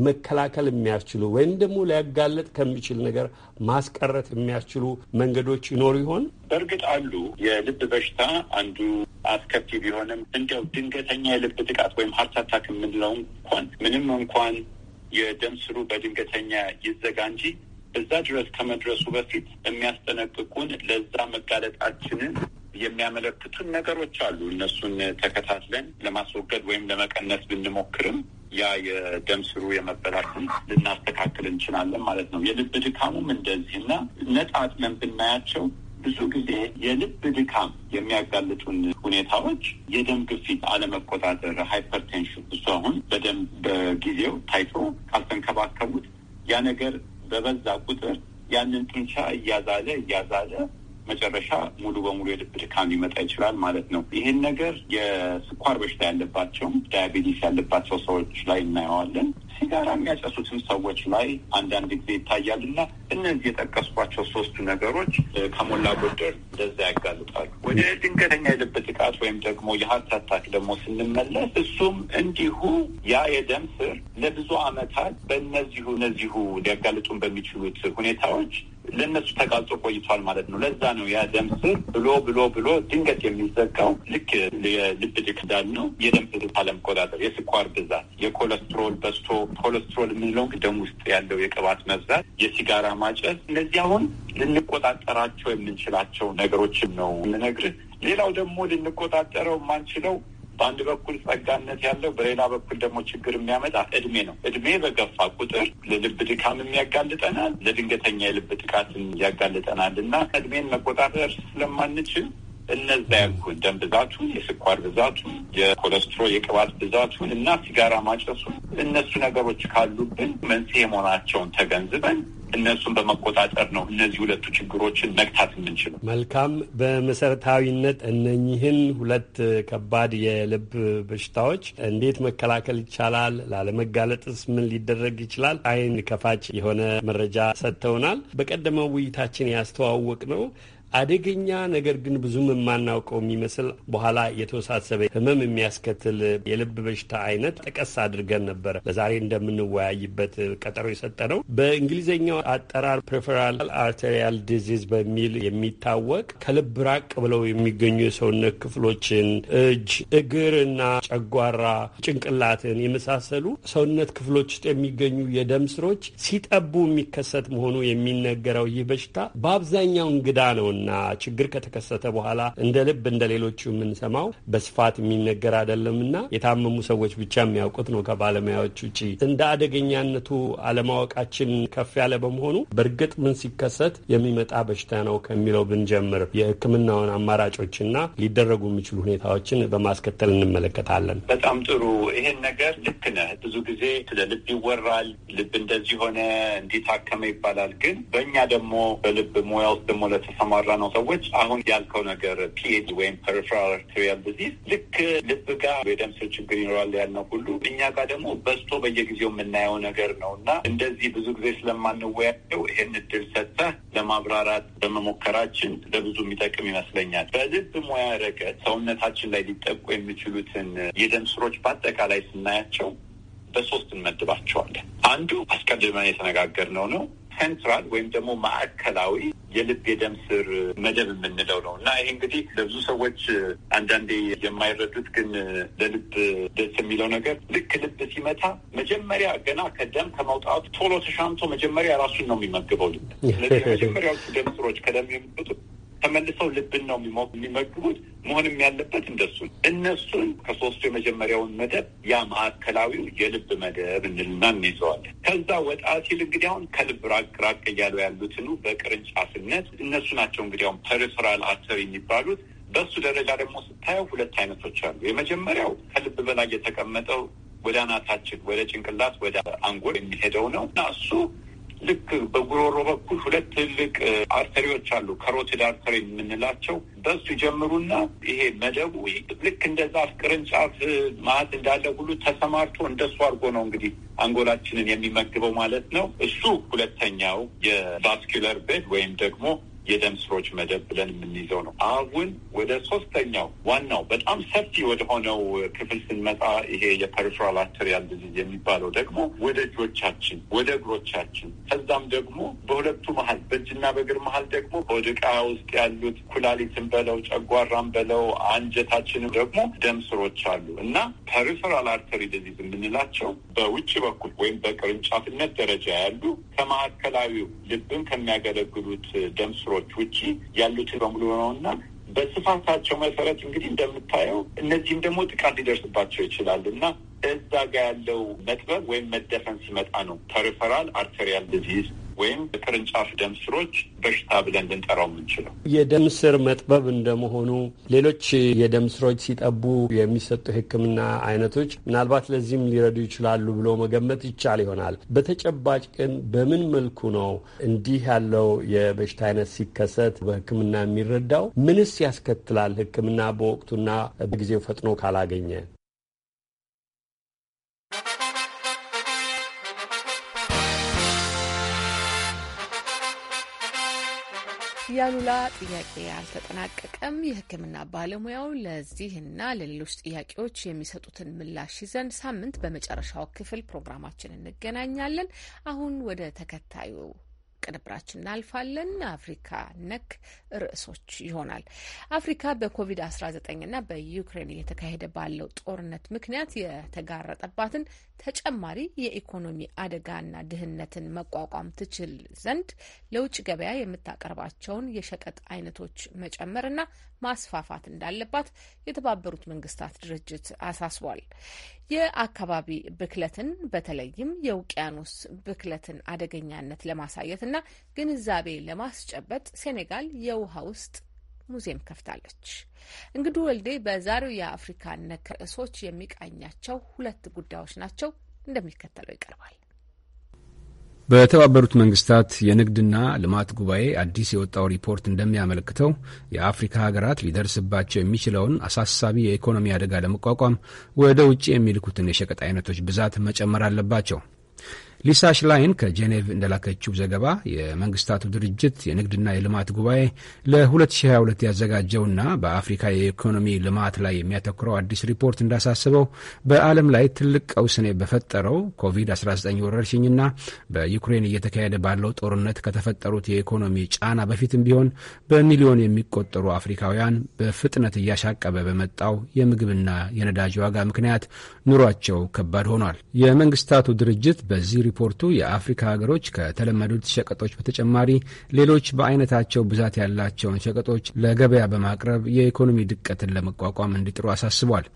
መከላከል የሚያስችሉ ወይም ደግሞ ሊያጋለጥ ከሚችል ነገር ማስቀረት የሚያስችሉ መንገዶች ይኖሩ ይሆን? በእርግጥ አሉ። የልብ በሽታ አንዱ አስከፊ ቢሆንም እንዲያው ድንገተኛ የልብ ጥቃት ወይም ሀርት አታክ የምንለው እንኳን ምንም እንኳን የደም ስሩ በድንገተኛ ይዘጋ እንጂ እዛ ድረስ ከመድረሱ በፊት የሚያስጠነቅቁን ለዛ መጋለጣችንን የሚያመለክቱን ነገሮች አሉ። እነሱን ተከታትለን ለማስወገድ ወይም ለመቀነስ ብንሞክርም ያ የደም ስሩ የመበላትን ልናስተካክል እንችላለን ማለት ነው። የልብ ድካሙም እንደዚህ እና ነጣጥለን ብናያቸው ብዙ ጊዜ የልብ ድካም የሚያጋልጡን ሁኔታዎች የደም ግፊት አለመቆጣጠር፣ ሃይፐርቴንሽን እሱ አሁን በደም በጊዜው ታይቶ ካልተንከባከቡት ያ ነገር በበዛ ቁጥር ያንን ጡንቻ እያዛለ እያዛለ መጨረሻ ሙሉ በሙሉ የልብ ድካም ሊመጣ ይችላል ማለት ነው። ይህን ነገር የስኳር በሽታ ያለባቸውም ዳያቤቲስ ያለባቸው ሰዎች ላይ እናየዋለን። ሲጋራ የሚያጨሱትም ሰዎች ላይ አንዳንድ ጊዜ ይታያልና እነዚህ የጠቀስኳቸው ሶስቱ ነገሮች ከሞላ ጎደል እንደዛ ያጋልጣሉ። ወደ ድንገተኛ የልብ ጥቃት ወይም ደግሞ የሀርት አታክ ደግሞ ስንመለስ እሱም እንዲሁ ያ የደም ስር ለብዙ አመታት በእነዚሁ እነዚሁ ሊያጋልጡን በሚችሉት ሁኔታዎች ለእነሱ ተጋልጦ ቆይቷል ማለት ነው። ለዛ ነው ያ ደም ስር ብሎ ብሎ ብሎ ድንገት የሚዘጋው። ልክ የልብ ድክ እንዳልነው የደም ብዛት አለመቆጣጠር፣ የስኳር ብዛት፣ የኮለስትሮል በዝቶ ኮለስትሮል የምንለው ደም ውስጥ ያለው የቅባት መብዛት፣ የሲጋራ ማጨስ፣ እነዚህ አሁን ልንቆጣጠራቸው የምንችላቸው ነገሮችን ነው የምነግርህ። ሌላው ደግሞ ልንቆጣጠረው የማንችለው በአንድ በኩል ጸጋነት ያለው በሌላ በኩል ደግሞ ችግር የሚያመጣ እድሜ ነው። እድሜ በገፋ ቁጥር ለልብ ድካምም ያጋልጠናል፣ ለድንገተኛ የልብ ጥቃትም ያጋልጠናል እና እድሜን መቆጣጠር ስለማንችል እነዚያን ደም ብዛቱን፣ የስኳር ብዛቱን፣ የኮለስትሮ የቅባት ብዛቱን እና ሲጋራ ማጨሱን እነሱ ነገሮች ካሉብን መንስኤ መሆናቸውን ተገንዝበን እነሱን በመቆጣጠር ነው እነዚህ ሁለቱ ችግሮችን መግታት የምንችለው። መልካም። በመሰረታዊነት እነኚህን ሁለት ከባድ የልብ በሽታዎች እንዴት መከላከል ይቻላል? ላለመጋለጥስ ምን ሊደረግ ይችላል? አይን ከፋች የሆነ መረጃ ሰጥተውናል። በቀደመው ውይይታችን ያስተዋወቅ ነው አደገኛ ነገር ግን ብዙም የማናውቀው የሚመስል በኋላ የተወሳሰበ ህመም የሚያስከትል የልብ በሽታ አይነት ጠቀስ አድርገን ነበረ ለዛሬ እንደምንወያይበት ቀጠሮ የሰጠ ነው። በእንግሊዝኛው አጠራር ፕሪፈራል አርቴሪያል ዲዚዝ በሚል የሚታወቅ ከልብ ራቅ ብለው የሚገኙ የሰውነት ክፍሎችን እጅ፣ እግር እና ጨጓራ፣ ጭንቅላትን የመሳሰሉ ሰውነት ክፍሎች ውስጥ የሚገኙ የደም ስሮች ሲጠቡ የሚከሰት መሆኑ የሚነገረው ይህ በሽታ በአብዛኛው እንግዳ ነው። እና ችግር ከተከሰተ በኋላ እንደ ልብ እንደ ሌሎቹ የምንሰማው በስፋት የሚነገር አይደለም እና የታመሙ ሰዎች ብቻ የሚያውቁት ነው ከባለሙያዎች ውጭ። እንደ አደገኛነቱ አለማወቃችን ከፍ ያለ በመሆኑ በእርግጥ ምን ሲከሰት የሚመጣ በሽታ ነው ከሚለው ብንጀምር የሕክምናውን አማራጮችና ሊደረጉ የሚችሉ ሁኔታዎችን በማስከተል እንመለከታለን። በጣም ጥሩ። ይሄን ነገር ልክ ነህ። ብዙ ጊዜ ስለ ልብ ይወራል። ልብ እንደዚህ ሆነ እንዲታከመ ይባላል። ግን በእኛ ደግሞ በልብ ሙያ ውስጥ ደግሞ ለተሰማራ ነው። ሰዎች አሁን ያልከው ነገር ፒኤድ ወይም ፐሪፈራል አርቴሪያል ዲዚዝ ልክ ልብ ጋር የደም ስር ችግር ይኖራል ያልነው ሁሉ እኛ ጋር ደግሞ በዝቶ በየጊዜው የምናየው ነገር ነው እና እንደዚህ ብዙ ጊዜ ስለማንወያየው ይህን እድል ሰጥተህ ለማብራራት በመሞከራችን ለብዙ የሚጠቅም ይመስለኛል። በልብ ሙያ ረገድ ሰውነታችን ላይ ሊጠቁ የሚችሉትን የደም ስሮች በአጠቃላይ ስናያቸው በሶስት እንመድባቸዋለን። አንዱ አስቀድመን የተነጋገርነው ነው ሴንትራል ወይም ደግሞ ማዕከላዊ የልብ የደም ስር መደብ የምንለው ነው እና ይሄ እንግዲህ ለብዙ ሰዎች አንዳንዴ የማይረዱት ግን ለልብ ደስ የሚለው ነገር ልክ ልብ ሲመታ መጀመሪያ ገና ከደም ከመውጣቱ ቶሎ ተሻምቶ መጀመሪያ ራሱን ነው የሚመግበው ልብ። ስለዚህ መጀመሪያዎቹ ደም ስሮች ከደም የሚመጡት ተመልሰው ልብን ነው የሚመግቡት። መሆንም ያለበት እንደሱ እነሱን ከሶስቱ የመጀመሪያውን መደብ ያ ማዕከላዊው የልብ መደብ እንልና እንይዘዋለን። ከዛ ወጣ ሲል እንግዲህ አሁን ከልብ ራቅ ራቅ እያሉ ያሉትኑ በቅርንጫፍነት እነሱ ናቸው እንግዲህ አሁን ፐሪፈራል አርተሪ የሚባሉት። በሱ ደረጃ ደግሞ ስታየው ሁለት አይነቶች አሉ። የመጀመሪያው ከልብ በላይ የተቀመጠው ወደ አናታችን ወደ ጭንቅላት ወደ አንጎል የሚሄደው ነው እና እሱ ልክ በጉሮሮ በኩል ሁለት ትልቅ አርተሪዎች አሉ፣ ከሮቲድ አርተሪ የምንላቸው በሱ ጀምሩና ይሄ መደቡ ልክ እንደዛ ቅርንጫፍ ማዕት እንዳለ ሁሉ ተሰማርቶ እንደሱ አድርጎ ነው እንግዲህ አንጎላችንን የሚመግበው ማለት ነው። እሱ ሁለተኛው የቫስኪለር ቤድ ወይም ደግሞ የደም ስሮች መደብ ብለን የምንይዘው ነው። አሁን ወደ ሶስተኛው ዋናው በጣም ሰፊ ወደሆነው ክፍል ስንመጣ ይሄ የፐሪፍራል አርተሪያል ዲዚዝ የሚባለው ደግሞ ወደ እጆቻችን፣ ወደ እግሮቻችን ከዛም ደግሞ በሁለቱ መሀል በእጅና በእግር መሀል ደግሞ በወደ ዕቃ ውስጥ ያሉት ኩላሊትን በለው ጨጓራን በለው አንጀታችንም ደግሞ ደም ስሮች አሉ እና ፐሪፍራል አርተሪ ዲዚዝ የምንላቸው በውጭ በኩል ወይም በቅርንጫፍነት ደረጃ ያሉ ከማዕከላዊው ልብን ከሚያገለግሉት ደም ሀገሮች ውጭ ያሉትን በሙሉ ነው እና በስፋታቸው መሰረት እንግዲህ እንደምታየው እነዚህም ደግሞ ጥቃት ሊደርስባቸው ይችላል እና እዛ ጋ ያለው መጥበብ ወይም መደፈን ሲመጣ ነው ፐሪፈራል አርቴሪያል ዲዚዝ ወይም ቅርንጫፍ ደም ስሮች በሽታ ብለን ልንጠራው የምንችለው የደም ስር መጥበብ እንደመሆኑ ሌሎች የደም ስሮች ሲጠቡ የሚሰጡ ሕክምና አይነቶች ምናልባት ለዚህም ሊረዱ ይችላሉ ብሎ መገመት ይቻል ይሆናል። በተጨባጭ ግን በምን መልኩ ነው እንዲህ ያለው የበሽታ አይነት ሲከሰት በሕክምና የሚረዳው? ምንስ ያስከትላል ሕክምና በወቅቱና በጊዜው ፈጥኖ ካላገኘ ያሉላ ጥያቄ አልተጠናቀቀም። የሕክምና ባለሙያው ለዚህና ለሌሎች ጥያቄዎች የሚሰጡትን ምላሽ ይዘን ሳምንት በመጨረሻው ክፍል ፕሮግራማችን እንገናኛለን። አሁን ወደ ተከታዩ ቅንብራችን እናልፋለን። አፍሪካ ነክ ርዕሶች ይሆናል። አፍሪካ በኮቪድ-19ና በዩክሬን እየተካሄደ ባለው ጦርነት ምክንያት የተጋረጠባትን ተጨማሪ የኢኮኖሚ አደጋና ድህነትን መቋቋም ትችል ዘንድ ለውጭ ገበያ የምታቀርባቸውን የሸቀጥ አይነቶች መጨመርና ማስፋፋት እንዳለባት የተባበሩት መንግስታት ድርጅት አሳስቧል። የአካባቢ ብክለትን በተለይም የውቅያኖስ ብክለትን አደገኛነት ለማሳየትና ግንዛቤ ለማስጨበጥ ሴኔጋል የውሃ ውስጥ ሙዚየም ከፍታለች። እንግዱ ወልዴ በዛሬው የአፍሪካ ነክ ርዕሶች የሚቃኛቸው ሁለት ጉዳዮች ናቸው፣ እንደሚከተለው ይቀርባል። በተባበሩት መንግስታት የንግድና ልማት ጉባኤ አዲስ የወጣው ሪፖርት እንደሚያመለክተው የአፍሪካ ሀገራት ሊደርስባቸው የሚችለውን አሳሳቢ የኢኮኖሚ አደጋ ለመቋቋም ወደ ውጭ የሚልኩትን የሸቀጥ አይነቶች ብዛት መጨመር አለባቸው። ሊሳ ሽላይን ከጄኔቭ እንደላከችው ዘገባ የመንግስታቱ ድርጅት የንግድና የልማት ጉባኤ ለ2022 ያዘጋጀውና በአፍሪካ የኢኮኖሚ ልማት ላይ የሚያተኩረው አዲስ ሪፖርት እንዳሳስበው በዓለም ላይ ትልቅ ቀውስኔ በፈጠረው ኮቪድ-19 ወረርሽኝና በዩክሬን እየተካሄደ ባለው ጦርነት ከተፈጠሩት የኢኮኖሚ ጫና በፊትም ቢሆን በሚሊዮን የሚቆጠሩ አፍሪካውያን በፍጥነት እያሻቀበ በመጣው የምግብና የነዳጅ ዋጋ ምክንያት ኑሯቸው ከባድ ሆኗል። የመንግስታቱ ድርጅት በዚህ ሪፖርቱ የአፍሪካ ሀገሮች ከተለመዱት ሸቀጦች በተጨማሪ ሌሎች በአይነታቸው ብዛት ያላቸውን ሸቀጦች ለገበያ በማቅረብ የኢኮኖሚ ድቀትን ለመቋቋም እንዲጥሩ አሳስቧል።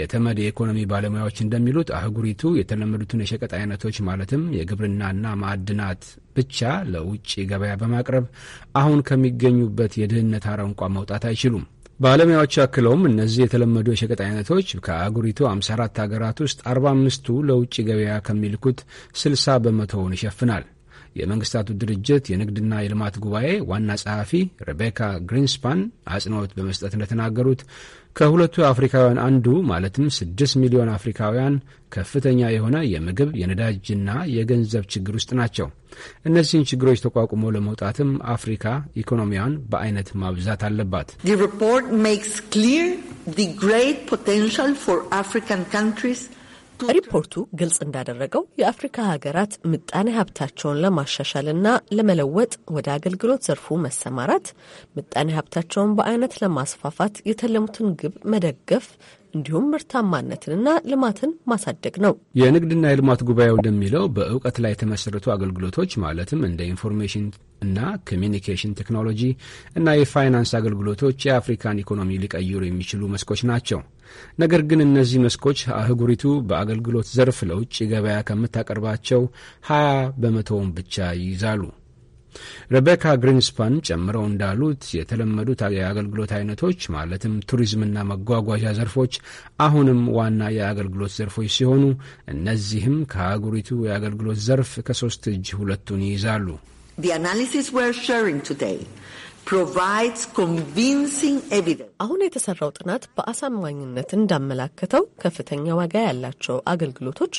የተመድ የኢኮኖሚ ባለሙያዎች እንደሚሉት አህጉሪቱ የተለመዱትን የሸቀጥ አይነቶች ማለትም የግብርናና ማዕድናት ብቻ ለውጭ ገበያ በማቅረብ አሁን ከሚገኙበት የድህነት አረንቋ መውጣት አይችሉም። ባለሙያዎች አክለውም እነዚህ የተለመዱ የሸቀጥ አይነቶች ከአህጉሪቱ 54 ሀገራት ውስጥ 45ቱ ለውጭ ገበያ ከሚልኩት 60 በመቶውን ይሸፍናል። የመንግስታቱ ድርጅት የንግድና የልማት ጉባኤ ዋና ጸሐፊ ሬቤካ ግሪንስፓን አጽንኦት በመስጠት እንደተናገሩት ከሁለቱ አፍሪካውያን አንዱ ማለትም ስድስት ሚሊዮን አፍሪካውያን ከፍተኛ የሆነ የምግብ የነዳጅና የገንዘብ ችግር ውስጥ ናቸው። እነዚህን ችግሮች ተቋቁሞ ለመውጣትም አፍሪካ ኢኮኖሚዋን በአይነት ማብዛት አለባት። ሪፖርት ሜክስ ክሊር ግሬት ፖቴንሻል ፎር አፍሪካን ካንትሪስ ሪፖርቱ ግልጽ እንዳደረገው የአፍሪካ ሀገራት ምጣኔ ሀብታቸውን ለማሻሻልና ለመለወጥ ወደ አገልግሎት ዘርፉ መሰማራት፣ ምጣኔ ሀብታቸውን በአይነት ለማስፋፋት የተለሙትን ግብ መደገፍ እንዲሁም ምርታማነትንና ልማትን ማሳደግ ነው። የንግድና የልማት ጉባኤው እንደሚለው በእውቀት ላይ የተመሰረቱ አገልግሎቶች ማለትም እንደ ኢንፎርሜሽን እና ኮሚኒኬሽን ቴክኖሎጂ እና የፋይናንስ አገልግሎቶች የአፍሪካን ኢኮኖሚ ሊቀይሩ የሚችሉ መስኮች ናቸው። ነገር ግን እነዚህ መስኮች አህጉሪቱ በአገልግሎት ዘርፍ ለውጭ ገበያ ከምታቀርባቸው 20 በመቶውን ብቻ ይይዛሉ። ሬቤካ ግሪንስፓን ጨምረው እንዳሉት የተለመዱት የአገልግሎት አይነቶች ማለትም ቱሪዝምና መጓጓዣ ዘርፎች አሁንም ዋና የአገልግሎት ዘርፎች ሲሆኑ እነዚህም ከአህጉሪቱ የአገልግሎት ዘርፍ ከሶስት እጅ ሁለቱን ይይዛሉ። The analysis we're sharing today አሁን የተሰራው ጥናት በአሳማኝነት እንዳመላከተው ከፍተኛ ዋጋ ያላቸው አገልግሎቶች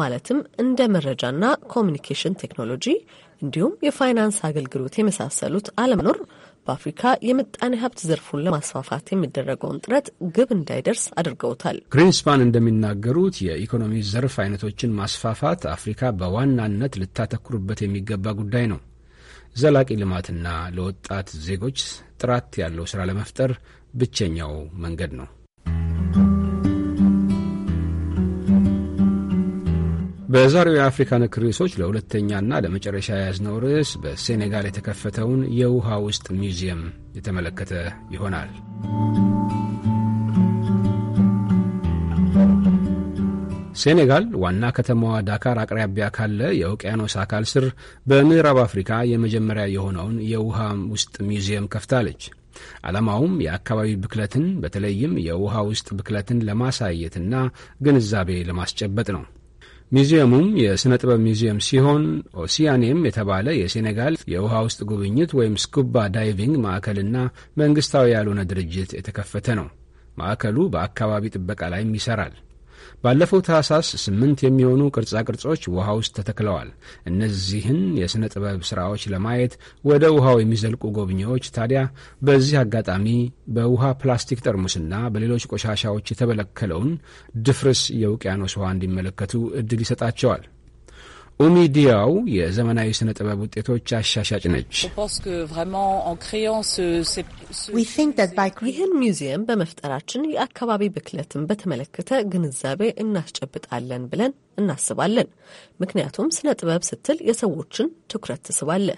ማለትም እንደ መረጃና ኮሚኒኬሽን ቴክኖሎጂ እንዲሁም የፋይናንስ አገልግሎት የመሳሰሉት አለመኖር በአፍሪካ የምጣኔ ሀብት ዘርፉን ለማስፋፋት የሚደረገውን ጥረት ግብ እንዳይደርስ አድርገውታል። ግሪንስፓን እንደሚናገሩት የኢኮኖሚ ዘርፍ አይነቶችን ማስፋፋት አፍሪካ በዋናነት ልታተኩርበት የሚገባ ጉዳይ ነው። ዘላቂ ልማትና ለወጣት ዜጎች ጥራት ያለው ሥራ ለመፍጠር ብቸኛው መንገድ ነው። በዛሬው የአፍሪካ ነክ ርዕሶች ለሁለተኛና ለመጨረሻ የያዝነው ርዕስ በሴኔጋል የተከፈተውን የውሃ ውስጥ ሚውዚየም የተመለከተ ይሆናል። ሴኔጋል ዋና ከተማዋ ዳካር አቅራቢያ ካለ የውቅያኖስ አካል ስር በምዕራብ አፍሪካ የመጀመሪያ የሆነውን የውሃ ውስጥ ሚውዚየም ከፍታለች። ዓላማውም የአካባቢ ብክለትን በተለይም የውሃ ውስጥ ብክለትን ለማሳየትና ግንዛቤ ለማስጨበጥ ነው። ሚዚየሙም የሥነ ጥበብ ሚዚየም ሲሆን ኦሲያኔም የተባለ የሴኔጋል የውሃ ውስጥ ጉብኝት ወይም ስኩባ ዳይቪንግ ማዕከልና መንግሥታዊ ያልሆነ ድርጅት የተከፈተ ነው። ማዕከሉ በአካባቢ ጥበቃ ላይም ይሠራል። ባለፈው ታህሳስ ስምንት የሚሆኑ ቅርጻ ቅርጾች ውሃ ውስጥ ተተክለዋል። እነዚህን የሥነ ጥበብ ሥራዎች ለማየት ወደ ውሃው የሚዘልቁ ጎብኚዎች ታዲያ በዚህ አጋጣሚ በውሃ ፕላስቲክ ጠርሙስና በሌሎች ቆሻሻዎች የተበለከለውን ድፍርስ የውቅያኖስ ውሃ እንዲመለከቱ እድል ይሰጣቸዋል። ኡሚዲያው የዘመናዊ ስነ ጥበብ ውጤቶች አሻሻጭ ነች። ይህን ሚውዚየም በመፍጠራችን የአካባቢ ብክለትን በተመለከተ ግንዛቤ እናስጨብጣለን ብለን እናስባለን። ምክንያቱም ስነ ጥበብ ስትል የሰዎችን ትኩረት ትስባለ።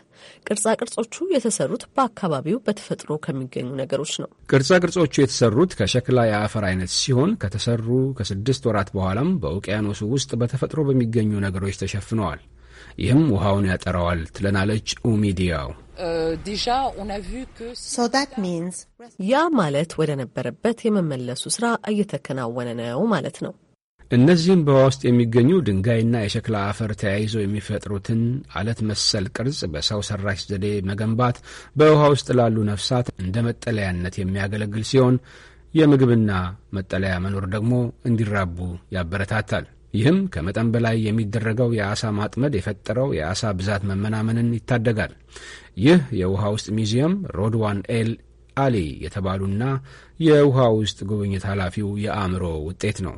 ቅርጻ ቅርጾቹ የተሰሩት በአካባቢው በተፈጥሮ ከሚገኙ ነገሮች ነው። ቅርጻ ቅርጾቹ የተሰሩት ከሸክላ የአፈር አይነት ሲሆን ከተሰሩ ከስድስት ወራት በኋላም በውቅያኖሱ ውስጥ በተፈጥሮ በሚገኙ ነገሮች ተሸፍነዋል። ይህም ውሃውን ያጠራዋል ትለናለች ኡሚዲያው። euh, ያ ማለት ወደ ነበረበት የመመለሱ ስራ እየተከናወነ ነው ማለት ነው። እነዚህም በውሃ ውስጥ የሚገኙ ድንጋይና የሸክላ አፈር ተያይዞ የሚፈጥሩትን አለት መሰል ቅርጽ በሰው ሰራሽ ዘዴ መገንባት በውሃ ውስጥ ላሉ ነፍሳት እንደ መጠለያነት የሚያገለግል ሲሆን የምግብና መጠለያ መኖር ደግሞ እንዲራቡ ያበረታታል። ይህም ከመጠን በላይ የሚደረገው የአሳ ማጥመድ የፈጠረው የአሳ ብዛት መመናመንን ይታደጋል። ይህ የውሃ ውስጥ ሚዚየም ሮድዋን ኤል አሊ የተባሉና የውሃ ውስጥ ጉብኝት ኃላፊው የአእምሮ ውጤት ነው።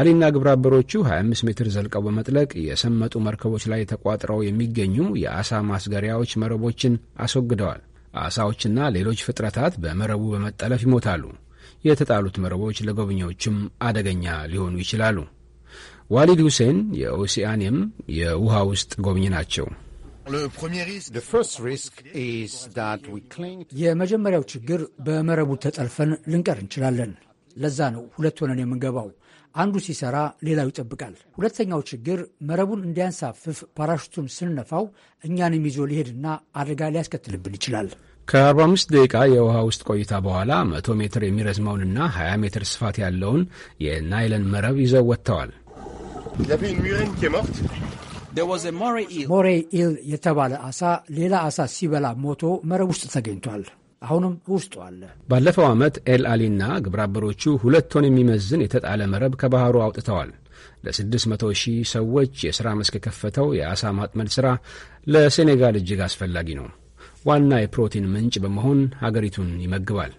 አሊና ግብረአበሮቹ 25 ሜትር ዘልቀው በመጥለቅ የሰመጡ መርከቦች ላይ ተቋጥረው የሚገኙ የአሳ ማስገሪያዎች መረቦችን አስወግደዋል። አሳዎችና ሌሎች ፍጥረታት በመረቡ በመጠለፍ ይሞታሉ። የተጣሉት መረቦች ለጎብኚዎችም አደገኛ ሊሆኑ ይችላሉ። ዋሊድ ሁሴን የኦሲያኒየም የውሃ ውስጥ ጎብኚ ናቸው። የመጀመሪያው ችግር በመረቡ ተጠልፈን ልንቀር እንችላለን። ለዛ ነው ሁለት ሆነን የምንገባው። አንዱ ሲሰራ ሌላው ይጠብቃል። ሁለተኛው ችግር መረቡን እንዲያንሳፍፍ ፓራሹቱን ስንነፋው እኛንም ይዞ ሊሄድና አደጋ ሊያስከትልብን ይችላል። ከ45 ደቂቃ የውሃ ውስጥ ቆይታ በኋላ 100 ሜትር የሚረዝመውንና 20 ሜትር ስፋት ያለውን የናይለን መረብ ይዘው ወጥተዋል። ሞሬ ኢል የተባለ አሳ ሌላ አሳ ሲበላ ሞቶ መረብ ውስጥ ተገኝቷል። አሁንም ውስጡ አለ። ባለፈው ዓመት ኤል አሊና ግብረአበሮቹ ሁለት ቶን የሚመዝን የተጣለ መረብ ከባህሩ አውጥተዋል። ለ600 ሺህ ሰዎች የሥራ መስክ የከፈተው የአሳ ማጥመድ ሥራ ለሴኔጋል እጅግ አስፈላጊ ነው። ዋና የፕሮቲን ምንጭ በመሆን አገሪቱን ይመግባል።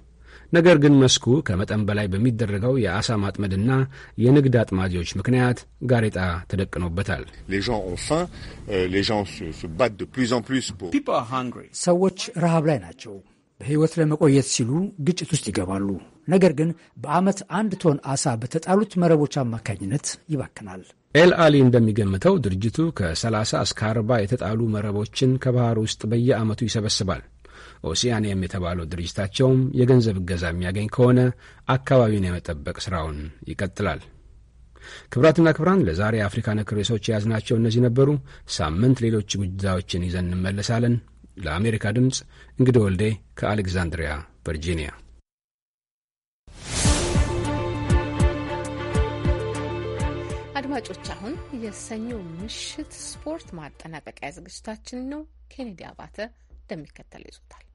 ነገር ግን መስኩ ከመጠን በላይ በሚደረገው የአሳ ማጥመድና የንግድ አጥማጆች ምክንያት ጋሬጣ ተደቅኖበታል። euh, ሰዎች ረሃብ ላይ ናቸው። በሕይወት ለመቆየት ሲሉ ግጭት ውስጥ ይገባሉ። ነገር ግን በዓመት አንድ ቶን አሳ በተጣሉት መረቦች አማካኝነት ይባክናል። ኤል አሊ እንደሚገምተው ድርጅቱ ከ30 እስከ 40 የተጣሉ መረቦችን ከባህር ውስጥ በየዓመቱ ይሰበስባል። ኦሲያኒየም የተባለው ድርጅታቸውም የገንዘብ እገዛ የሚያገኝ ከሆነ አካባቢውን የመጠበቅ ሥራውን ይቀጥላል። ክብራትና ክብራን ለዛሬ የአፍሪካ ነክ ርዕሶች የያዝናቸው እነዚህ ነበሩ። ሳምንት ሌሎች ጉዳዮችን ይዘን እንመለሳለን። ለአሜሪካ ድምፅ እንግዲ ወልዴ ከአሌክዛንድሪያ ቨርጂኒያ። አድማጮች አሁን የሰኞ ምሽት ስፖርት ማጠናቀቂያ ዝግጅታችን ነው። ኬኔዲ አባተ እንደሚከተለው ይዞታል።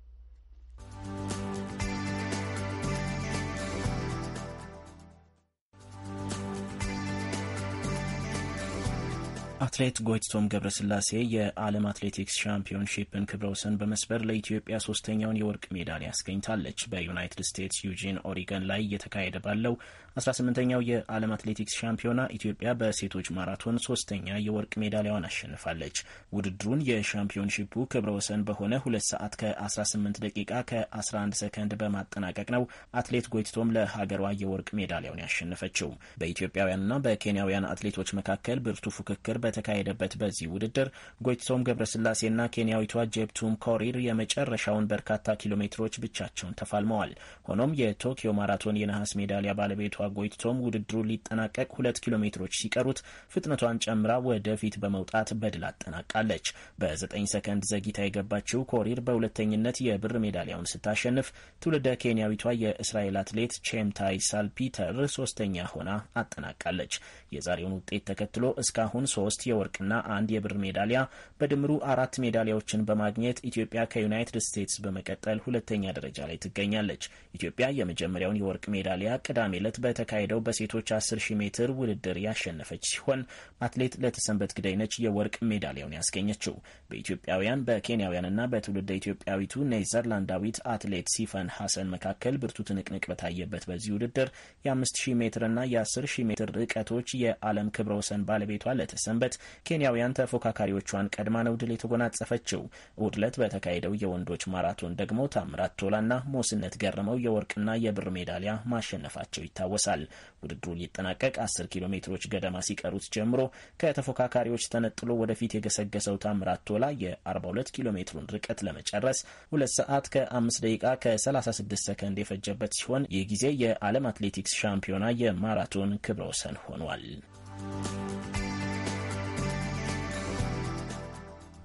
አትሌት ጎይትቶም ገብረስላሴ የዓለም አትሌቲክስ ሻምፒዮንሺፕን ክብረ ወሰን በመስበር ለኢትዮጵያ ሶስተኛውን የወርቅ ሜዳሊያ አስገኝታለች። በዩናይትድ ስቴትስ ዩጂን ኦሪገን ላይ እየተካሄደ ባለው 18ኛው የዓለም አትሌቲክስ ሻምፒዮና ኢትዮጵያ በሴቶች ማራቶን ሶስተኛ የወርቅ ሜዳሊያዋን አሸንፋለች። ውድድሩን የሻምፒዮንሺፑ ክብረ ወሰን በሆነ ሁለት ሰዓት ከ18 ደቂቃ ከ11 ሰከንድ በማጠናቀቅ ነው አትሌት ጎይትቶም ለሀገሯ የወርቅ ሜዳሊያውን ያሸነፈችው። በኢትዮጵያውያንና በኬንያውያን አትሌቶች መካከል ብርቱ ፉክክር በተካሄደበት በዚህ ውድድር ጎይትቶም ገብረስላሴና ኬንያዊቷ ጄፕቱም ኮሪር የመጨረሻውን በርካታ ኪሎ ሜትሮች ብቻቸውን ተፋልመዋል። ሆኖም የቶኪዮ ማራቶን የነሐስ ሜዳሊያ ባለቤቷ ጎይቶም ውድድሩ ሊጠናቀቅ ሁለት ኪሎ ሜትሮች ሲቀሩት ፍጥነቷን ጨምራ ወደፊት በመውጣት በድል አጠናቃለች። በዘጠኝ ሰከንድ ዘግይታ የገባችው ኮሪር በሁለተኝነት የብር ሜዳሊያውን ስታሸንፍ፣ ትውልደ ኬንያዊቷ የእስራኤል አትሌት ቼምታይ ሳልፒተር ሶስተኛ ሆና አጠናቃለች። የዛሬውን ውጤት ተከትሎ እስካሁን ሶስት የወርቅና አንድ የብር ሜዳሊያ በድምሩ አራት ሜዳሊያዎችን በማግኘት ኢትዮጵያ ከዩናይትድ ስቴትስ በመቀጠል ሁለተኛ ደረጃ ላይ ትገኛለች። ኢትዮጵያ የመጀመሪያውን የወርቅ ሜዳሊያ ቅዳሜ ዕለት በተካሄደው በሴቶች 10 ሜትር ውድድር ያሸነፈች ሲሆን አትሌት ለተሰንበት ግዳይነች የወርቅ ሜዳሊያውን ያስገኘችው በኢትዮጵያውያን በኬንያውያንና በትውልደ ኢትዮጵያዊቱ ኔዘርላንዳዊት አትሌት ሲፈን ሐሰን መካከል ብርቱ ትንቅንቅ በታየበት በዚህ ውድድር የ5000 ሜትርና የ10000 ሜትር ርቀቶች የዓለም ክብረ ወሰን ባለቤቷ ለተሰንበት ኬንያውያን ተፎካካሪዎቿን ቀድማ ነው ድል የተጎናጸፈችው። እሁድ ዕለት በተካሄደው የወንዶች ማራቶን ደግሞ ታምራት ቶላና ሞስነት ገረመው የወርቅና የብር ሜዳሊያ ማሸነፋቸው ይታወሳል። ይጠቀሳል። ውድድሩ ሊጠናቀቅ 10 ኪሎ ሜትሮች ገደማ ሲቀሩት ጀምሮ ከተፎካካሪዎች ተነጥሎ ወደፊት የገሰገሰው ታምራት ቶላ የ42 ኪሎ ሜትሩን ርቀት ለመጨረስ ሁለት ሰዓት ከ5 ደቂቃ ከ36 ሰከንድ የፈጀበት ሲሆን ይህ ጊዜ የዓለም አትሌቲክስ ሻምፒዮና የማራቶን ክብረ ወሰን ሆኗል።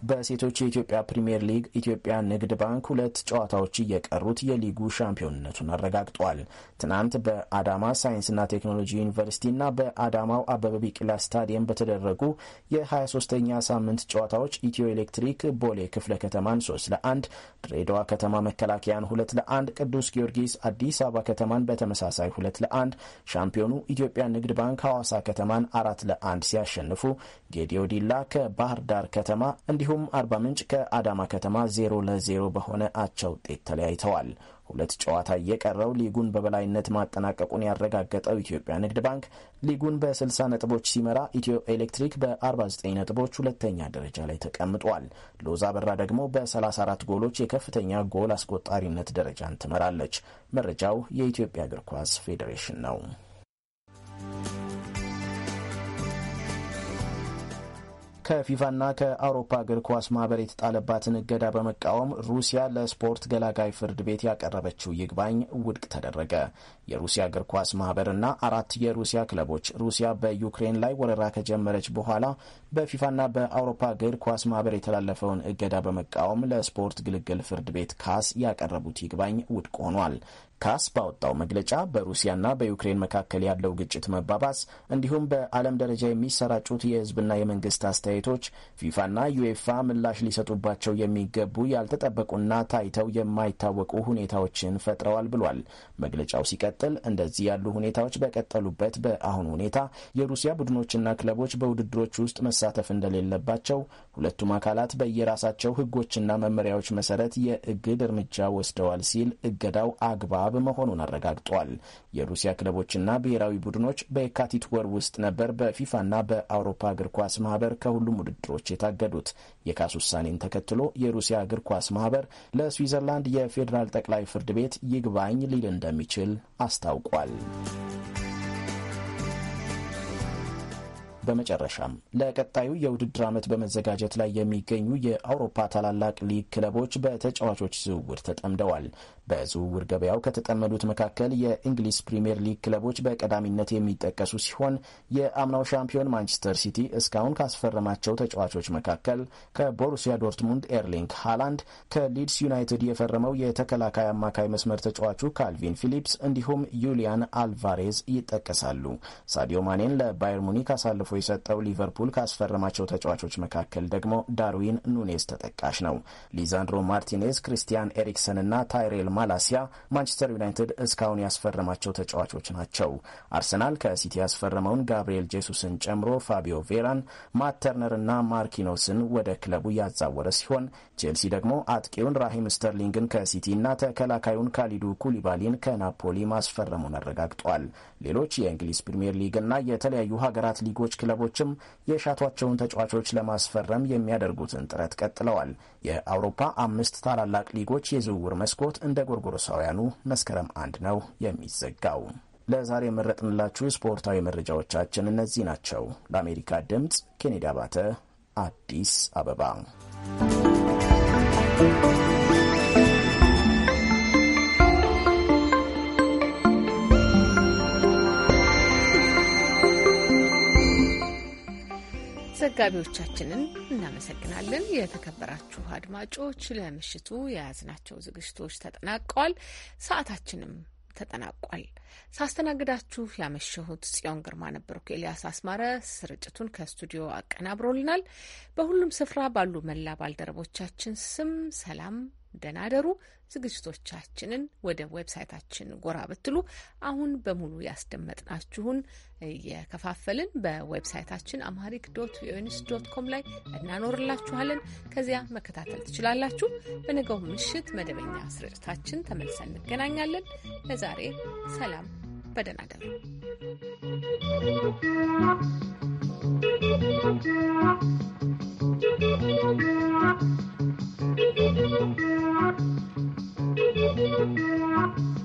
በሴቶች የኢትዮጵያ ፕሪምየር ሊግ ኢትዮጵያ ንግድ ባንክ ሁለት ጨዋታዎች እየቀሩት የሊጉ ሻምፒዮንነቱን አረጋግጧል። ትናንት በአዳማ ሳይንስና ቴክኖሎጂ ዩኒቨርሲቲና በአዳማው አበበ ቢቂላ ስታዲየም በተደረጉ የ23ኛ ሳምንት ጨዋታዎች ኢትዮ ኤሌክትሪክ ቦሌ ክፍለ ከተማን 3 ለ1፣ ድሬዳዋ ከተማ መከላከያን 2 ለ1፣ ቅዱስ ጊዮርጊስ አዲስ አበባ ከተማን በተመሳሳይ 2 ለ1፣ ሻምፒዮኑ ኢትዮጵያ ንግድ ባንክ ሐዋሳ ከተማን 4 ለ1 ሲያሸንፉ ጌዲዮ ዲላ ከባህር ዳር ከተማ እንዲሁ እንዲሁም አርባ ምንጭ ከአዳማ ከተማ ዜሮ ለዜሮ በሆነ አቻ ውጤት ተለያይተዋል። ሁለት ጨዋታ እየቀረው ሊጉን በበላይነት ማጠናቀቁን ያረጋገጠው ኢትዮጵያ ንግድ ባንክ ሊጉን በ60 ነጥቦች ሲመራ ኢትዮ ኤሌክትሪክ በ49 ነጥቦች ሁለተኛ ደረጃ ላይ ተቀምጧል። ሎዛ በራ ደግሞ በ34 ጎሎች የከፍተኛ ጎል አስቆጣሪነት ደረጃን ትመራለች። መረጃው የኢትዮጵያ እግር ኳስ ፌዴሬሽን ነው። ከፊፋና ከአውሮፓ እግር ኳስ ማህበር የተጣለባትን እገዳ በመቃወም ሩሲያ ለስፖርት ገላጋይ ፍርድ ቤት ያቀረበችው ይግባኝ ውድቅ ተደረገ። የሩሲያ እግር ኳስ ማህበርና አራት የሩሲያ ክለቦች ሩሲያ በዩክሬን ላይ ወረራ ከጀመረች በኋላ በፊፋና በአውሮፓ እግር ኳስ ማህበር የተላለፈውን እገዳ በመቃወም ለስፖርት ግልግል ፍርድ ቤት ካስ ያቀረቡት ይግባኝ ውድቅ ሆኗል። ካስ ባወጣው መግለጫ በሩሲያና በዩክሬን መካከል ያለው ግጭት መባባስ እንዲሁም በዓለም ደረጃ የሚሰራጩት የሕዝብና የመንግስት አስተያየቶች ፊፋና ዩኤፋ ምላሽ ሊሰጡባቸው የሚገቡ ያልተጠበቁና ታይተው የማይታወቁ ሁኔታዎችን ፈጥረዋል ብሏል። መግለጫው ሲቀጥል እንደዚህ ያሉ ሁኔታዎች በቀጠሉበት በአሁኑ ሁኔታ የሩሲያ ቡድኖችና ክለቦች በውድድሮች ውስጥ መሳተፍ እንደሌለባቸው ሁለቱም አካላት በየራሳቸው ሕጎችና መመሪያዎች መሰረት የእግድ እርምጃ ወስደዋል ሲል እገዳው አግባብ ሀሳብ መሆኑን አረጋግጧል። የሩሲያ ክለቦችና ብሔራዊ ቡድኖች በየካቲት ወር ውስጥ ነበር በፊፋና በአውሮፓ እግር ኳስ ማህበር ከሁሉም ውድድሮች የታገዱት። የካስ ውሳኔን ተከትሎ የሩሲያ እግር ኳስ ማህበር ለስዊዘርላንድ የፌዴራል ጠቅላይ ፍርድ ቤት ይግባኝ ሊል እንደሚችል አስታውቋል። በመጨረሻም ለቀጣዩ የውድድር ዓመት በመዘጋጀት ላይ የሚገኙ የአውሮፓ ታላላቅ ሊግ ክለቦች በተጫዋቾች ዝውውር ተጠምደዋል። በዝውውር ገበያው ከተጠመዱት መካከል የእንግሊዝ ፕሪምየር ሊግ ክለቦች በቀዳሚነት የሚጠቀሱ ሲሆን የአምናው ሻምፒዮን ማንቸስተር ሲቲ እስካሁን ካስፈረማቸው ተጫዋቾች መካከል ከቦሩሲያ ዶርትሙንድ ኤርሊንግ ሃላንድ፣ ከሊድስ ዩናይትድ የፈረመው የተከላካይ አማካይ መስመር ተጫዋቹ ካልቪን ፊሊፕስ እንዲሁም ዩሊያን አልቫሬዝ ይጠቀሳሉ። ሳዲዮ ማኔን ለባየር ሙኒክ አሳልፎ የሰጠው ሊቨርፑል ካስፈረማቸው ተጫዋቾች መካከል ደግሞ ዳርዊን ኑኔዝ ተጠቃሽ ነው። ሊዛንድሮ ማርቲኔዝ፣ ክሪስቲያን ኤሪክሰን እና ታይሬል ማላሲያ፣ ማንቸስተር ዩናይትድ እስካሁን ያስፈረማቸው ተጫዋቾች ናቸው። አርሰናል ከሲቲ ያስፈረመውን ጋብርኤል ጄሱስን ጨምሮ ፋቢዮ ቬራን፣ ማተርነርና ማርኪኖስን ወደ ክለቡ ያዛወረ ሲሆን ቼልሲ ደግሞ አጥቂውን ራሂም ስተርሊንግን ከሲቲ እና ተከላካዩን ካሊዱ ኩሊባሊን ከናፖሊ ማስፈረሙን አረጋግጧል። ሌሎች የእንግሊዝ ፕሪምየር እና የተለያዩ ሀገራት ሊጎች ክለቦችም የሻቷቸውን ተጫዋቾች ለማስፈረም የሚያደርጉትን ጥረት ቀጥለዋል። የአውሮፓ አምስት ታላላቅ ሊጎች የዝውውር መስኮት እንደ ጎርጎሮሳውያኑ መስከረም አንድ ነው የሚዘጋው። ለዛሬ የመረጥንላችሁ ስፖርታዊ መረጃዎቻችን እነዚህ ናቸው። ለአሜሪካ ድምፅ ኬኔዲ አባተ፣ አዲስ አበባ ዘጋቢዎቻችንን እናመሰግናለን። የተከበራችሁ አድማጮች ለምሽቱ የያዝናቸው ዝግጅቶች ተጠናቀዋል። ሰዓታችንም ተጠናቋል። ሳስተናግዳችሁ ያመሸሁት ጽዮን ግርማ ነበርኩ። ኤልያስ አስማረ ስርጭቱን ከስቱዲዮ አቀናብሮልናል። በሁሉም ስፍራ ባሉ መላ ባልደረቦቻችን ስም ሰላም፣ ደህና ደሩ። ዝግጅቶቻችንን ወደ ዌብሳይታችን ጎራ ብትሉ አሁን በሙሉ ያስደመጥናችሁን እየከፋፈልን በዌብሳይታችን አማሪክ ዶት ቪኦኤ ዶት ኮም ላይ እናኖርላችኋለን። ከዚያ መከታተል ትችላላችሁ። በነገው ምሽት መደበኛ ስርጭታችን ተመልሰን እንገናኛለን። ለዛሬ ሰላም፣ በደህና ደሩ። Thank you.